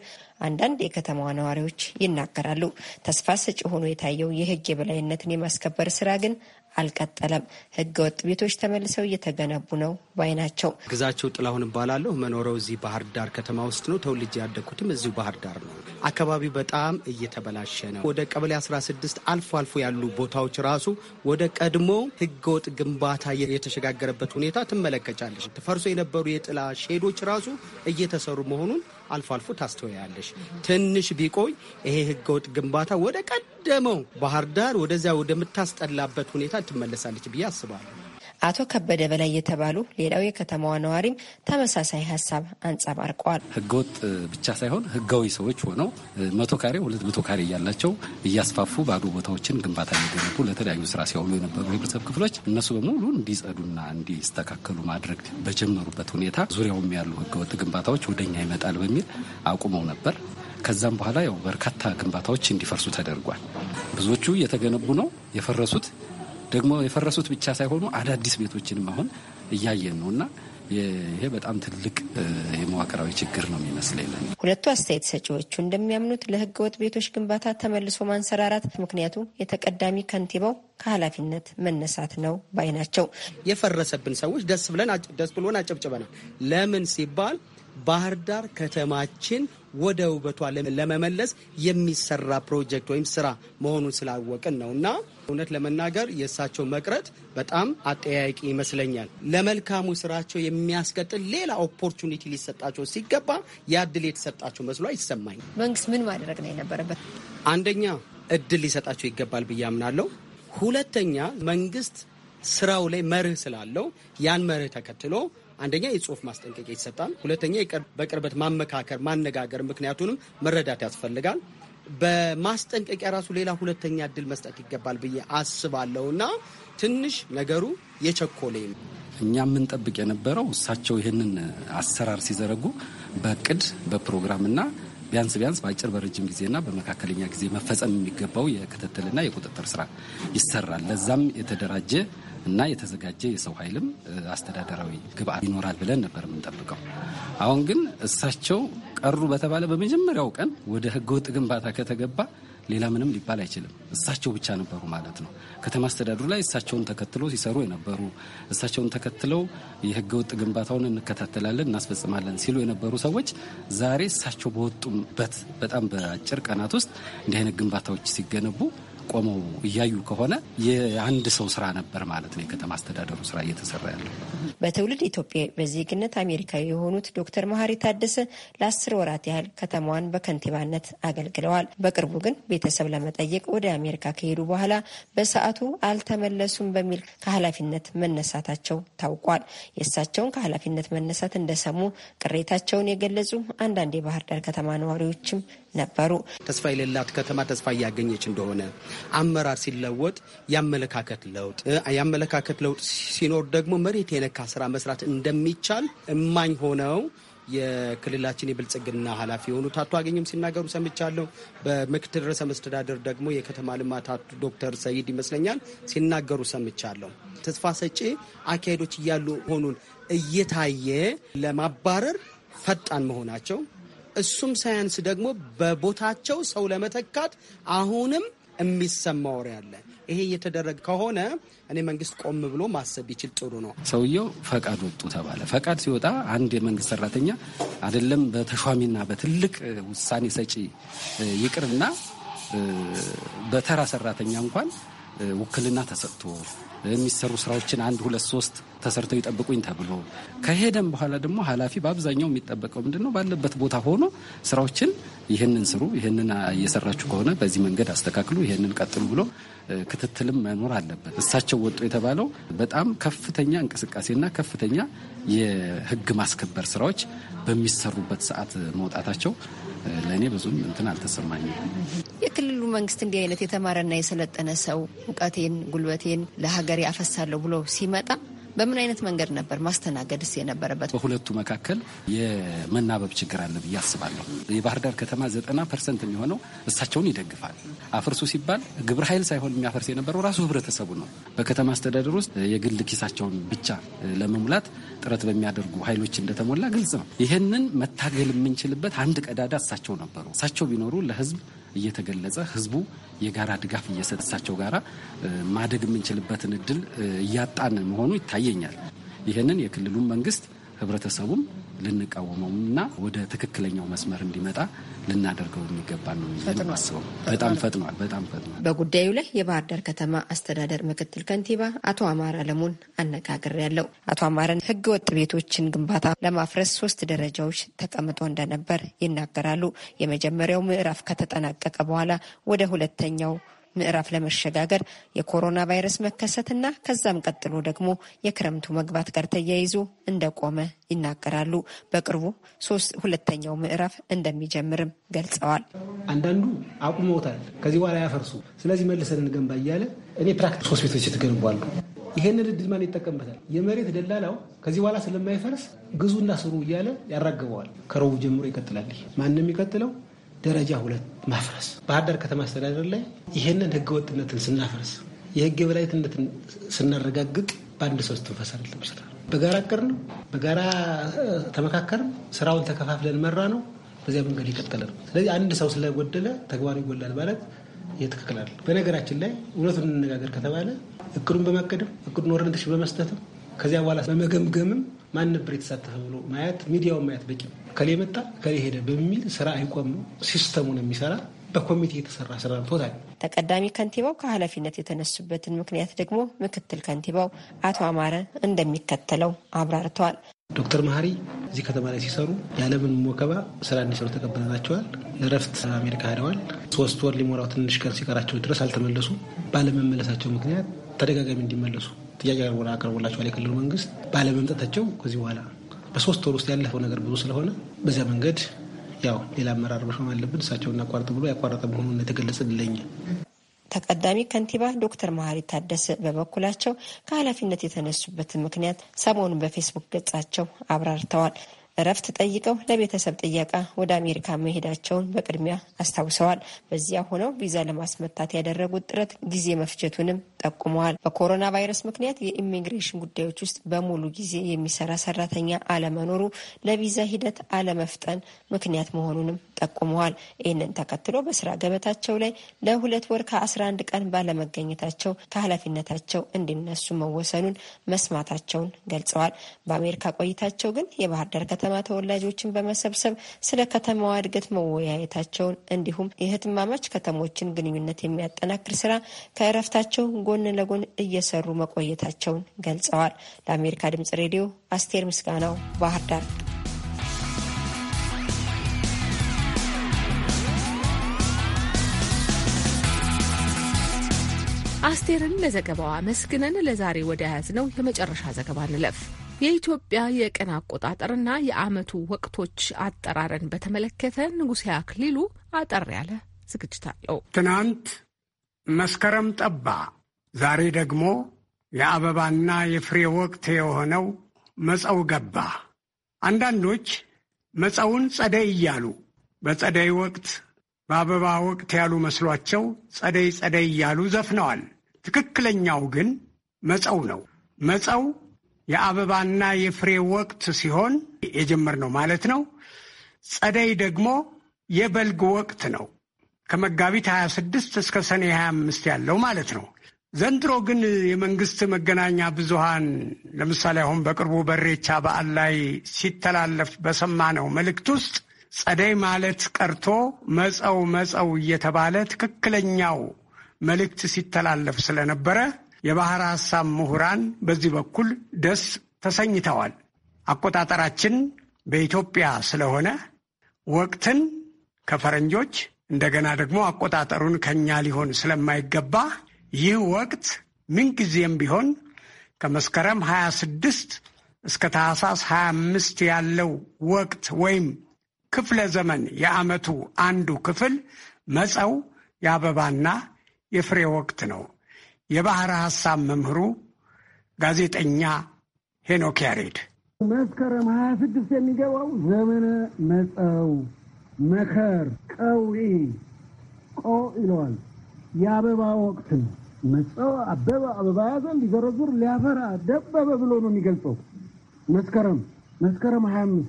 Speaker 16: አንዳንድ የከተማዋ ነዋሪዎች ይናገራሉ። ተስፋ ሰጪ ሆኖ የታየው የህግ የበላይነትን የማስከበር ስራ ግን አልቀጠለም። ህገ ወጥ ቤቶች ተመልሰው እየተገነቡ ነው ባይ ናቸው።
Speaker 17: ግዛቸው ጥላሁን እባላለሁ። መኖረው እዚህ ባህር ዳር ከተማ ውስጥ ነው። ተወልጄ ያደግኩትም እዚሁ ባህር ዳር ነው። አካባቢው በጣም እየተበላሸ ነው። ወደ ቀበሌ 16 አልፎ አልፎ ያሉ ቦታዎች ራሱ ወደ ቀድሞ ህገ ወጥ ግንባታ የተሸጋገረበት ሁኔታ ትመለከቻለች። ተፈርሶ የነበሩ የጥላ ሼዶች ራሱ እየተሰሩ መሆኑን አልፎ አልፎ ታስተውያለሽ። ትንሽ ቢቆይ ይሄ ህገወጥ ግንባታ ወደ ቀድ ቀደመው ባህር ዳር ወደዚያ ወደምታስጠላበት ሁኔታ ትመለሳለች ብዬ አስባለሁ።
Speaker 16: አቶ ከበደ በላይ የተባሉ ሌላው የከተማዋ ነዋሪም ተመሳሳይ ሀሳብ አንጸባርቀዋል። ህገወጥ
Speaker 18: ብቻ ሳይሆን ህጋዊ ሰዎች ሆነው መቶ ካሬ ሁለት መቶ ካሬ እያላቸው እያስፋፉ ባዶ ቦታዎችን ግንባታ የሚገነቡ ለተለያዩ ስራ ሲያውሉ የነበሩ ህብረተሰብ ክፍሎች እነሱ በሙሉ እንዲጸዱና እንዲስተካከሉ ማድረግ በጀመሩበት ሁኔታ ዙሪያውም ያሉ ህገወጥ ግንባታዎች ወደኛ ይመጣል በሚል አቁመው ነበር። ከዛም በኋላ ያው በርካታ ግንባታዎች እንዲፈርሱ ተደርጓል። ብዙዎቹ እየተገነቡ ነው የፈረሱት። ደግሞ የፈረሱት ብቻ ሳይሆኑ አዳዲስ ቤቶችንም አሁን እያየን ነው እና ይሄ በጣም ትልቅ የመዋቅራዊ ችግር ነው የሚመስለኝ።
Speaker 16: ሁለቱ አስተያየት ሰጪዎቹ እንደሚያምኑት ለህገወጥ ቤቶች ግንባታ ተመልሶ ማንሰራራት ምክንያቱ የተቀዳሚ ከንቲባው ከኃላፊነት መነሳት ነው ባይ ናቸው። የፈረሰብን
Speaker 17: ሰዎች ደስ ብለን ደስ ብሎን አጨብጭበናል። ለምን ሲባል ባህር ዳር ከተማችን ወደ ውበቷ ለመመለስ የሚሰራ ፕሮጀክት ወይም ስራ መሆኑን ስላወቅን ነው እና እውነት ለመናገር የእሳቸው መቅረት በጣም አጠያቂ ይመስለኛል። ለመልካሙ ስራቸው የሚያስቀጥል ሌላ ኦፖርቹኒቲ ሊሰጣቸው ሲገባ ያ እድል የተሰጣቸው መስሎ አይሰማኝ።
Speaker 16: መንግስት ምን ማድረግ ነው የነበረበት?
Speaker 17: አንደኛ እድል ሊሰጣቸው ይገባል ብዬ አምናለሁ። ሁለተኛ መንግስት ስራው ላይ መርህ ስላለው ያን መርህ ተከትሎ አንደኛ የጽሁፍ ማስጠንቀቂያ ይሰጣል። ሁለተኛ በቅርበት ማመካከር፣ ማነጋገር ምክንያቱንም መረዳት ያስፈልጋል። በማስጠንቀቂያ ራሱ ሌላ ሁለተኛ እድል መስጠት ይገባል ብዬ አስባለሁና ትንሽ ነገሩ የቸኮሌ ነው።
Speaker 18: እኛ የምንጠብቅ የነበረው እሳቸው ይህንን አሰራር ሲዘረጉ በእቅድ በፕሮግራምና ቢያንስ ቢያንስ በአጭር በረጅም ጊዜና በመካከለኛ ጊዜ መፈጸም የሚገባው የክትትልና የቁጥጥር ስራ ይሰራል። ለዛም የተደራጀ እና የተዘጋጀ የሰው ኃይልም አስተዳደራዊ ግብአት ይኖራል ብለን ነበር የምንጠብቀው። አሁን ግን እሳቸው ቀሩ በተባለ በመጀመሪያው ቀን ወደ ህገወጥ ግንባታ ከተገባ ሌላ ምንም ሊባል አይችልም። እሳቸው ብቻ ነበሩ ማለት ነው። ከተማ አስተዳደሩ ላይ እሳቸውን ተከትሎ ሲሰሩ የነበሩ እሳቸውን ተከትለው የህገወጥ ግንባታውን እንከታተላለን፣ እናስፈጽማለን ሲሉ የነበሩ ሰዎች ዛሬ እሳቸው በወጡበት በጣም በአጭር ቀናት ውስጥ እንዲህ አይነት ግንባታዎች ሲገነቡ ቆመው እያዩ ከሆነ የአንድ ሰው ስራ ነበር ማለት ነው። የከተማ አስተዳደሩ ስራ እየተሰራ ያለው
Speaker 16: በትውልድ ኢትዮጵያ በዜግነት አሜሪካዊ የሆኑት ዶክተር መሀሪ ታደሰ ለአስር ወራት ያህል ከተማዋን በከንቲባነት አገልግለዋል። በቅርቡ ግን ቤተሰብ ለመጠየቅ ወደ አሜሪካ ከሄዱ በኋላ በሰዓቱ አልተመለሱም በሚል ከኃላፊነት መነሳታቸው ታውቋል። የእሳቸውን ከኃላፊነት መነሳት እንደሰሙ ቅሬታቸውን የገለጹ አንዳንድ የባህር ዳር ከተማ ነዋሪዎችም
Speaker 17: ነበሩ። ተስፋ የሌላት ከተማ ተስፋ እያገኘች እንደሆነ አመራር ሲለወጥ የአመለካከት ለውጥ የአመለካከት ለውጥ ሲኖር ደግሞ መሬት የነካ ስራ መስራት እንደሚቻል እማኝ ሆነው የክልላችን የብልጽግና ኃላፊ የሆኑት አቶ አገኘም ሲናገሩ ሰምቻለሁ። በምክትል ርዕሰ መስተዳደር ደግሞ የከተማ ልማት ዶክተር ሰይድ ይመስለኛል ሲናገሩ ሰምቻለሁ። ተስፋ ሰጪ አካሄዶች እያሉ ሆኑን እየታየ ለማባረር ፈጣን መሆናቸው እሱም ሳያንስ ደግሞ በቦታቸው ሰው ለመተካት አሁንም የሚሰማ ወሬ አለ። ይሄ እየተደረገ ከሆነ እኔ መንግስት ቆም ብሎ ማሰብ ይችል ጥሩ ነው።
Speaker 18: ሰውየው ፈቃድ ወጡ ተባለ። ፈቃድ ሲወጣ አንድ የመንግስት ሰራተኛ አይደለም በተሿሚና በትልቅ ውሳኔ ሰጪ ይቅርና በተራ ሰራተኛ እንኳን ውክልና ተሰጥቶ የሚሰሩ ስራዎችን አንድ ሁለት ሶስት ተሰርተው ይጠብቁኝ ተብሎ ከሄደም በኋላ ደግሞ ኃላፊ በአብዛኛው የሚጠበቀው ምንድን ነው? ባለበት ቦታ ሆኖ ስራዎችን ይህንን ስሩ፣ ይህንን እየሰራችሁ ከሆነ በዚህ መንገድ አስተካክሉ፣ ይህንን ቀጥሉ ብሎ ክትትልም መኖር አለበት። እሳቸው ወጡ የተባለው በጣም ከፍተኛ እንቅስቃሴና ከፍተኛ የህግ ማስከበር ስራዎች በሚሰሩበት ሰዓት መውጣታቸው ለእኔ ብዙም እንትን አልተሰማኝም።
Speaker 16: የክልሉ መንግስት እንዲህ አይነት የተማረና የሰለጠነ ሰው እውቀቴን ጉልበቴን ለሀገሬ አፈሳለሁ ብሎ ሲመጣ በምን አይነት መንገድ ነበር ማስተናገድስ የነበረበት? በሁለቱ
Speaker 18: መካከል የመናበብ ችግር አለ ብዬ አስባለሁ። የባህር ዳር ከተማ ዘጠና ፐርሰንት የሚሆነው እሳቸውን ይደግፋል። አፍርሱ ሲባል ግብረ ኃይል ሳይሆን የሚያፈርስ የነበረው ራሱ ህብረተሰቡ ነው። በከተማ አስተዳደር ውስጥ የግል ኪሳቸውን ብቻ ለመሙላት ጥረት በሚያደርጉ ኃይሎች እንደተሞላ ግልጽ ነው። ይህንን መታገል የምንችልበት አንድ ቀዳዳ እሳቸው ነበሩ። እሳቸው ቢኖሩ ለህዝብ እየተገለጸ ህዝቡ የጋራ ድጋፍ እየሰጠሳቸው ጋራ ማደግ የምንችልበትን እድል እያጣን መሆኑ ይታየኛል። ይህንን የክልሉን መንግስት ህብረተሰቡም ልንቃወመውና ወደ ትክክለኛው መስመር እንዲመጣ ልናደርገው የሚገባ ነው ማስበው። በጣም ፈጥኗል፣ በጣም ፈጥኗል።
Speaker 16: በጉዳዩ ላይ የባህር ዳር ከተማ አስተዳደር ምክትል ከንቲባ አቶ አማር ለሙን አነጋግር ያለው አቶ አማረን ህገ ወጥ ቤቶችን ግንባታ ለማፍረስ ሶስት ደረጃዎች ተቀምጦ እንደነበር ይናገራሉ። የመጀመሪያው ምዕራፍ ከተጠናቀቀ በኋላ ወደ ሁለተኛው ምዕራፍ ለመሸጋገር የኮሮና ቫይረስ መከሰትና ከዛም ቀጥሎ ደግሞ የክረምቱ መግባት ጋር ተያይዞ እንደቆመ ይናገራሉ። በቅርቡ ሶስት ሁለተኛው ምዕራፍ እንደሚጀምርም ገልጸዋል።
Speaker 1: አንዳንዱ አቁመውታል፣ ከዚህ በኋላ ያፈርሱ፣ ስለዚህ መልሰን እንገንባ እያለ እኔ ፕራክቲስ ሆስፒታሎች የተገንቧሉ ይሄንን እድል ማን ይጠቀምበታል? የመሬት ደላላው ከዚህ በኋላ ስለማይፈርስ ግዙና ስሩ እያለ ያራግበዋል። ከረቡ ጀምሮ ይቀጥላል። ማንም የሚቀጥለው ደረጃ ሁለት ማፍረስ ባህር ዳር ከተማ አስተዳደር ላይ ይህንን ወጥነትን ስናፈርስ የህግ የበላይነትን ስናረጋግጥ በአንድ ሰው ስትንፈስ አይደለም ስራ በጋራ ቅር ነው በጋራ ተመካከርን ስራውን ተከፋፍለን መራ ነው በዚያ መንገድ ይቀጥል ነው ስለዚህ አንድ ሰው ስለጎደለ ተግባሩ ይጎላል ማለት ይትክክላል በነገራችን ላይ እውነቱን እንነጋገር ከተባለ እቅዱን በማቀድም እቅዱን ወረንተሽ በመስጠትም ከዚያ በኋላ በመገምገምም ማን ነበር የተሳተፈ ብሎ ማየት ሚዲያውን ማየት በቂ ነው። ከሌ መጣ ከሌ ሄደ በሚል ስራ አይቆም። ሲስተሙን የሚሰራ በኮሚቴ የተሰራ ስራ ቶታል።
Speaker 16: ተቀዳሚ ከንቲባው ከኃላፊነት የተነሱበትን ምክንያት ደግሞ ምክትል ከንቲባው አቶ አማረ እንደሚከተለው አብራርተዋል።
Speaker 1: ዶክተር መሀሪ እዚህ ከተማ ላይ ሲሰሩ ያለምን ወከባ ስራ እንዲሰሩ ተቀብለናቸዋል። ለረፍት አሜሪካ ሄደዋል። ሶስት ወር ሊሞላው ትንሽ ቀን ሲቀራቸው ድረስ አልተመለሱ። ባለመመለሳቸው ምክንያት ተደጋጋሚ እንዲመለሱ ጥያቄ አቅርቦላቸዋል የክልሉ መንግስት ባለመምጠታቸው ከዚህ በኋላ በሶስት ወር ውስጥ ያለፈው ነገር ብዙ ስለሆነ በዚያ መንገድ ያው ሌላ አመራር መሾም አለብን እሳቸውን እናቋርጥ ብሎ ያቋረጠ መሆኑን የተገለጸልኝ።
Speaker 16: ተቀዳሚ ከንቲባ ዶክተር መሀሪ ታደሰ በበኩላቸው ከኃላፊነት የተነሱበትን ምክንያት ሰሞኑን በፌስቡክ ገጻቸው አብራርተዋል። እረፍት ጠይቀው ለቤተሰብ ጥየቃ ወደ አሜሪካ መሄዳቸውን በቅድሚያ አስታውሰዋል። በዚያ ሆነው ቪዛ ለማስመታት ያደረጉት ጥረት ጊዜ መፍጀቱንም ጠቁመዋል። በኮሮና ቫይረስ ምክንያት የኢሚግሬሽን ጉዳዮች ውስጥ በሙሉ ጊዜ የሚሰራ ሰራተኛ አለመኖሩ ለቪዛ ሂደት አለመፍጠን ምክንያት መሆኑንም ጠቁመዋል። ይህንን ተከትሎ በስራ ገበታቸው ላይ ለሁለት ወር ከ11 ቀን ባለመገኘታቸው ከኃላፊነታቸው እንዲነሱ መወሰኑን መስማታቸውን ገልጸዋል። በአሜሪካ ቆይታቸው ግን የባህር ዳር ከተማ ተወላጆችን በመሰብሰብ ስለ ከተማዋ እድገት መወያየታቸውን እንዲሁም የህትማማች ከተሞችን ግንኙነት የሚያጠናክር ስራ ከእረፍታቸው ጎን ለጎን እየሰሩ መቆየታቸውን ገልጸዋል። ለአሜሪካ ድምጽ ሬዲዮ አስቴር ምስጋናው ባህር ዳር።
Speaker 3: አስቴርን ለዘገባዋ አመስግነን ለዛሬ ወደ ያዝነው የመጨረሻ ዘገባ እንለፍ። የኢትዮጵያ የቀን አቆጣጠርና የዓመቱ ወቅቶች አጠራረን በተመለከተ ንጉሴ አክሊሉ አጠር ያለ ዝግጅት አለው።
Speaker 19: ትናንት መስከረም ጠባ ዛሬ ደግሞ የአበባና የፍሬ ወቅት የሆነው መጸው ገባ። አንዳንዶች መጸውን ጸደይ እያሉ በጸደይ ወቅት በአበባ ወቅት ያሉ መስሏቸው ጸደይ ጸደይ እያሉ ዘፍነዋል። ትክክለኛው ግን መጸው ነው። መጸው የአበባና የፍሬ ወቅት ሲሆን የጀመርነው ማለት ነው። ጸደይ ደግሞ የበልግ ወቅት ነው። ከመጋቢት 26 እስከ ሰኔ 25 ያለው ማለት ነው። ዘንድሮ ግን የመንግስት መገናኛ ብዙሃን ለምሳሌ አሁን በቅርቡ በሬቻ በዓል ላይ ሲተላለፍ በሰማነው መልእክት ውስጥ ጸደይ ማለት ቀርቶ መጸው መጸው እየተባለ ትክክለኛው መልእክት ሲተላለፍ ስለነበረ የባህር ሐሳብ ምሁራን በዚህ በኩል ደስ ተሰኝተዋል። አቆጣጠራችን በኢትዮጵያ ስለሆነ ወቅትን ከፈረንጆች እንደገና ደግሞ አቆጣጠሩን ከኛ ሊሆን ስለማይገባ ይህ ወቅት ምንጊዜም ቢሆን ከመስከረም 26 እስከ ታህሳስ 25 ያለው ወቅት ወይም ክፍለ ዘመን የዓመቱ አንዱ ክፍል መጸው የአበባና የፍሬ ወቅት ነው። የባሕረ ሐሳብ መምህሩ ጋዜጠኛ ሄኖክ ያሬድ
Speaker 20: መስከረም 26 የሚገባው ዘመነ መጸው፣ መከር፣ ቀውዒ፣ ቆ ይለዋል የአበባ ወቅት ነው። መጸው አበበ አበባ ያዘ ሊዘረዙር ሊያፈራ ደበበ ብሎ ነው የሚገልጸው። መስከረም መስከረም 25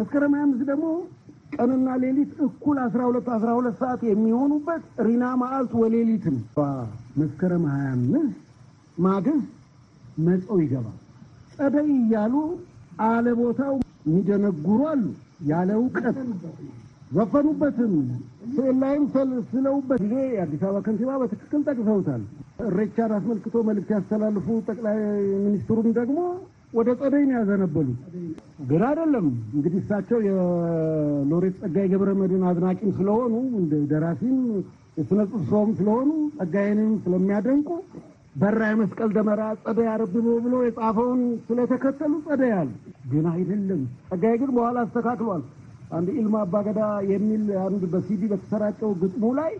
Speaker 20: መስከረም አምስት ደግሞ ቀንና ሌሊት እኩል 12 12 ሰዓት የሚሆኑበት ሪና መዓልት ወሌሊት ነው። መስከረም 25 ማግስት መጸው ይገባል። ጸደይ እያሉ አለ ቦታው የሚደነጉሩ አሉ ያለ እውቀት ዘፈኑበትም ስዕል ላይም ሰልስለውበት ጊዜ የአዲስ አበባ ከንቲባ በትክክል ጠቅሰውታል። እሬቻን አስመልክቶ መልእክት ያስተላልፉ ጠቅላይ ሚኒስትሩም ደግሞ ወደ ጸደይ ነው ያዘነበሉት። ግን አይደለም እንግዲህ እሳቸው የሎሬት ጸጋዬ ገብረ መድን አድናቂም ስለሆኑ እንደ ደራሲም የስነ ጽሑፍ ሰውም ስለሆኑ ጸጋዬንም ስለሚያደንቁ በራ የመስቀል ደመራ ጸደይ አረብቦ ብሎ የጻፈውን ስለተከተሉ ጸደይ አሉ። ግን አይደለም ጸጋዬ ግን በኋላ አስተካክሏል። አንድ ኢልማ አባገዳ የሚል አንድ በሲዲ በተሰራጨው ግጥሙ ላይ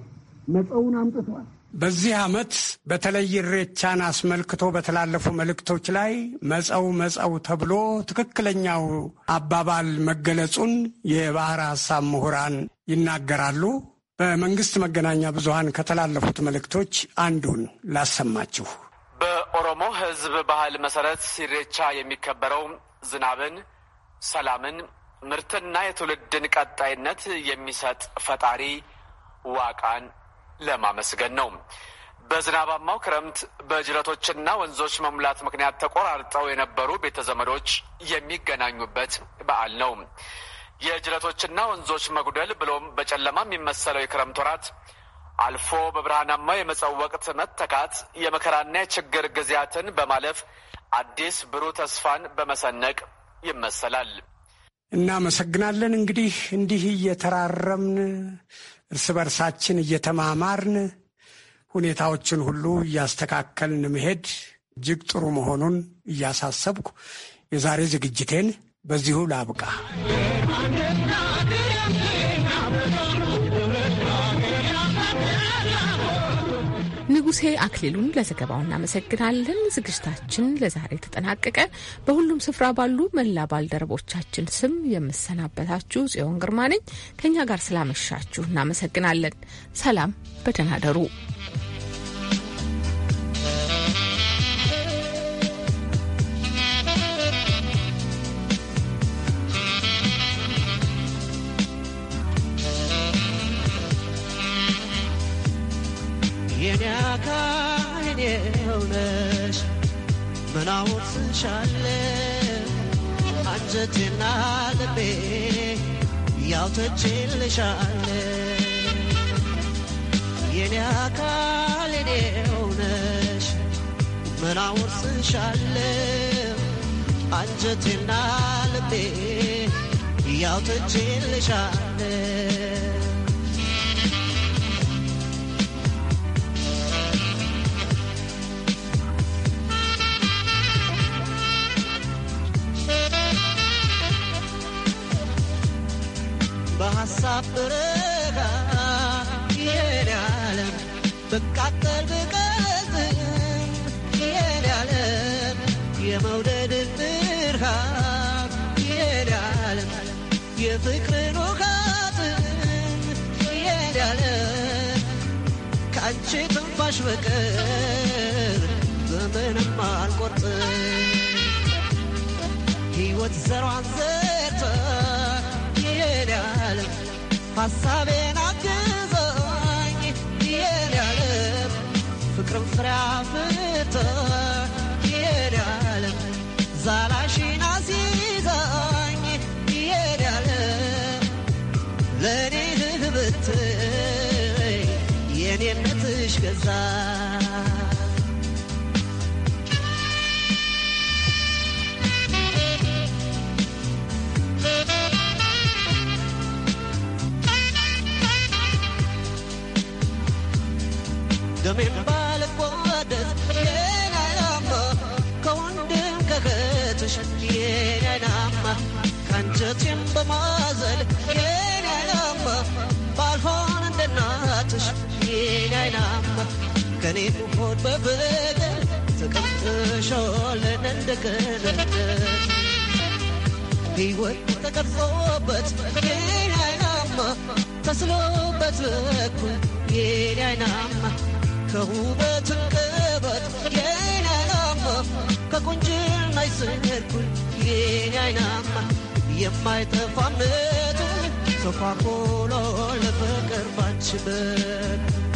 Speaker 20: መፀውን አምጥቷል።
Speaker 19: በዚህ ዓመት በተለይ ኢሬቻን አስመልክቶ በተላለፉ መልእክቶች ላይ መፀው መፀው ተብሎ ትክክለኛው አባባል መገለጹን የባህር ሐሳብ ምሁራን ይናገራሉ። በመንግስት መገናኛ ብዙሃን ከተላለፉት መልእክቶች አንዱን ላሰማችሁ።
Speaker 17: በኦሮሞ ሕዝብ ባህል መሰረት ኢሬቻ የሚከበረው ዝናብን፣ ሰላምን ምርትና የትውልድን ቀጣይነት የሚሰጥ ፈጣሪ ዋቃን ለማመስገን ነው። በዝናባማው ክረምት በጅረቶችና ወንዞች መሙላት ምክንያት ተቆራርጠው የነበሩ ቤተ ዘመዶች የሚገናኙበት በዓል ነው። የጅረቶችና ወንዞች መጉደል ብሎም በጨለማ የሚመሰለው የክረምት ወራት አልፎ በብርሃናማ የመጸው ወቅት መተካት የመከራና የችግር ጊዜያትን በማለፍ አዲስ ብሩህ ተስፋን በመሰነቅ ይመሰላል።
Speaker 19: እናመሰግናለን። እንግዲህ እንዲህ እየተራረምን እርስ በርሳችን እየተማማርን ሁኔታዎችን ሁሉ እያስተካከልን መሄድ እጅግ ጥሩ መሆኑን እያሳሰብኩ የዛሬ ዝግጅቴን በዚሁ ላብቃ።
Speaker 3: ንጉሴ አክሊሉን ለዘገባው እናመሰግናለን። ዝግጅታችን ለዛሬ ተጠናቀቀ። በሁሉም ስፍራ ባሉ መላ ባልደረቦቻችን ስም የምሰናበታችሁ ጽዮን ግርማ ነኝ። ከእኛ ጋር ስላመሻችሁ እናመሰግናለን። ሰላም፣ በደህና ደሩ።
Speaker 13: የኔ አንጀቴና ልቤ ያውተችልሻለ የኔ አካል የኔ ሆነሽ ምናወትሻለ አንጀቴና ልቤ ያውተችልሻለ በሀሳብ ብረጋ ይሄድ ዓለም ብቃጠል ብቀዝም ይሄድ ዓለም የመውደድ ብርሃን የፍቅርን ውካትም ይሄድ ዓለም ከአንቺ ትንፋሽ በቀር ዘመንም አልቆርጥም ህይወት ዘሯን ዘርቶ ይሄዳል ሐሳቤን አግዛኝ ይሄዳል ፍቅርም ፍሬ አፍርቶ ይሄዳል ዛላሽን አስይዛኝ ይሄዳል ለእኔ ህብት የኔነትሽ ገዛ ከቤት ባልወደድ የኔ ናማ ከወንድም ከእህትሽ የኔ ናማ ከአንጀቴም በማዘል የኔ ናማ ባልሆን እንደ እናትሽ የኔ ናማ ከኔ ሆድ ተስሎበት እኩል ከውበትን ቅበት የናማ ከቁንጅና አይሰነድኩኝ የኔ አይናማ የማይጠፋነቱ ተኳኩሎ ለፍቅር ባንችበት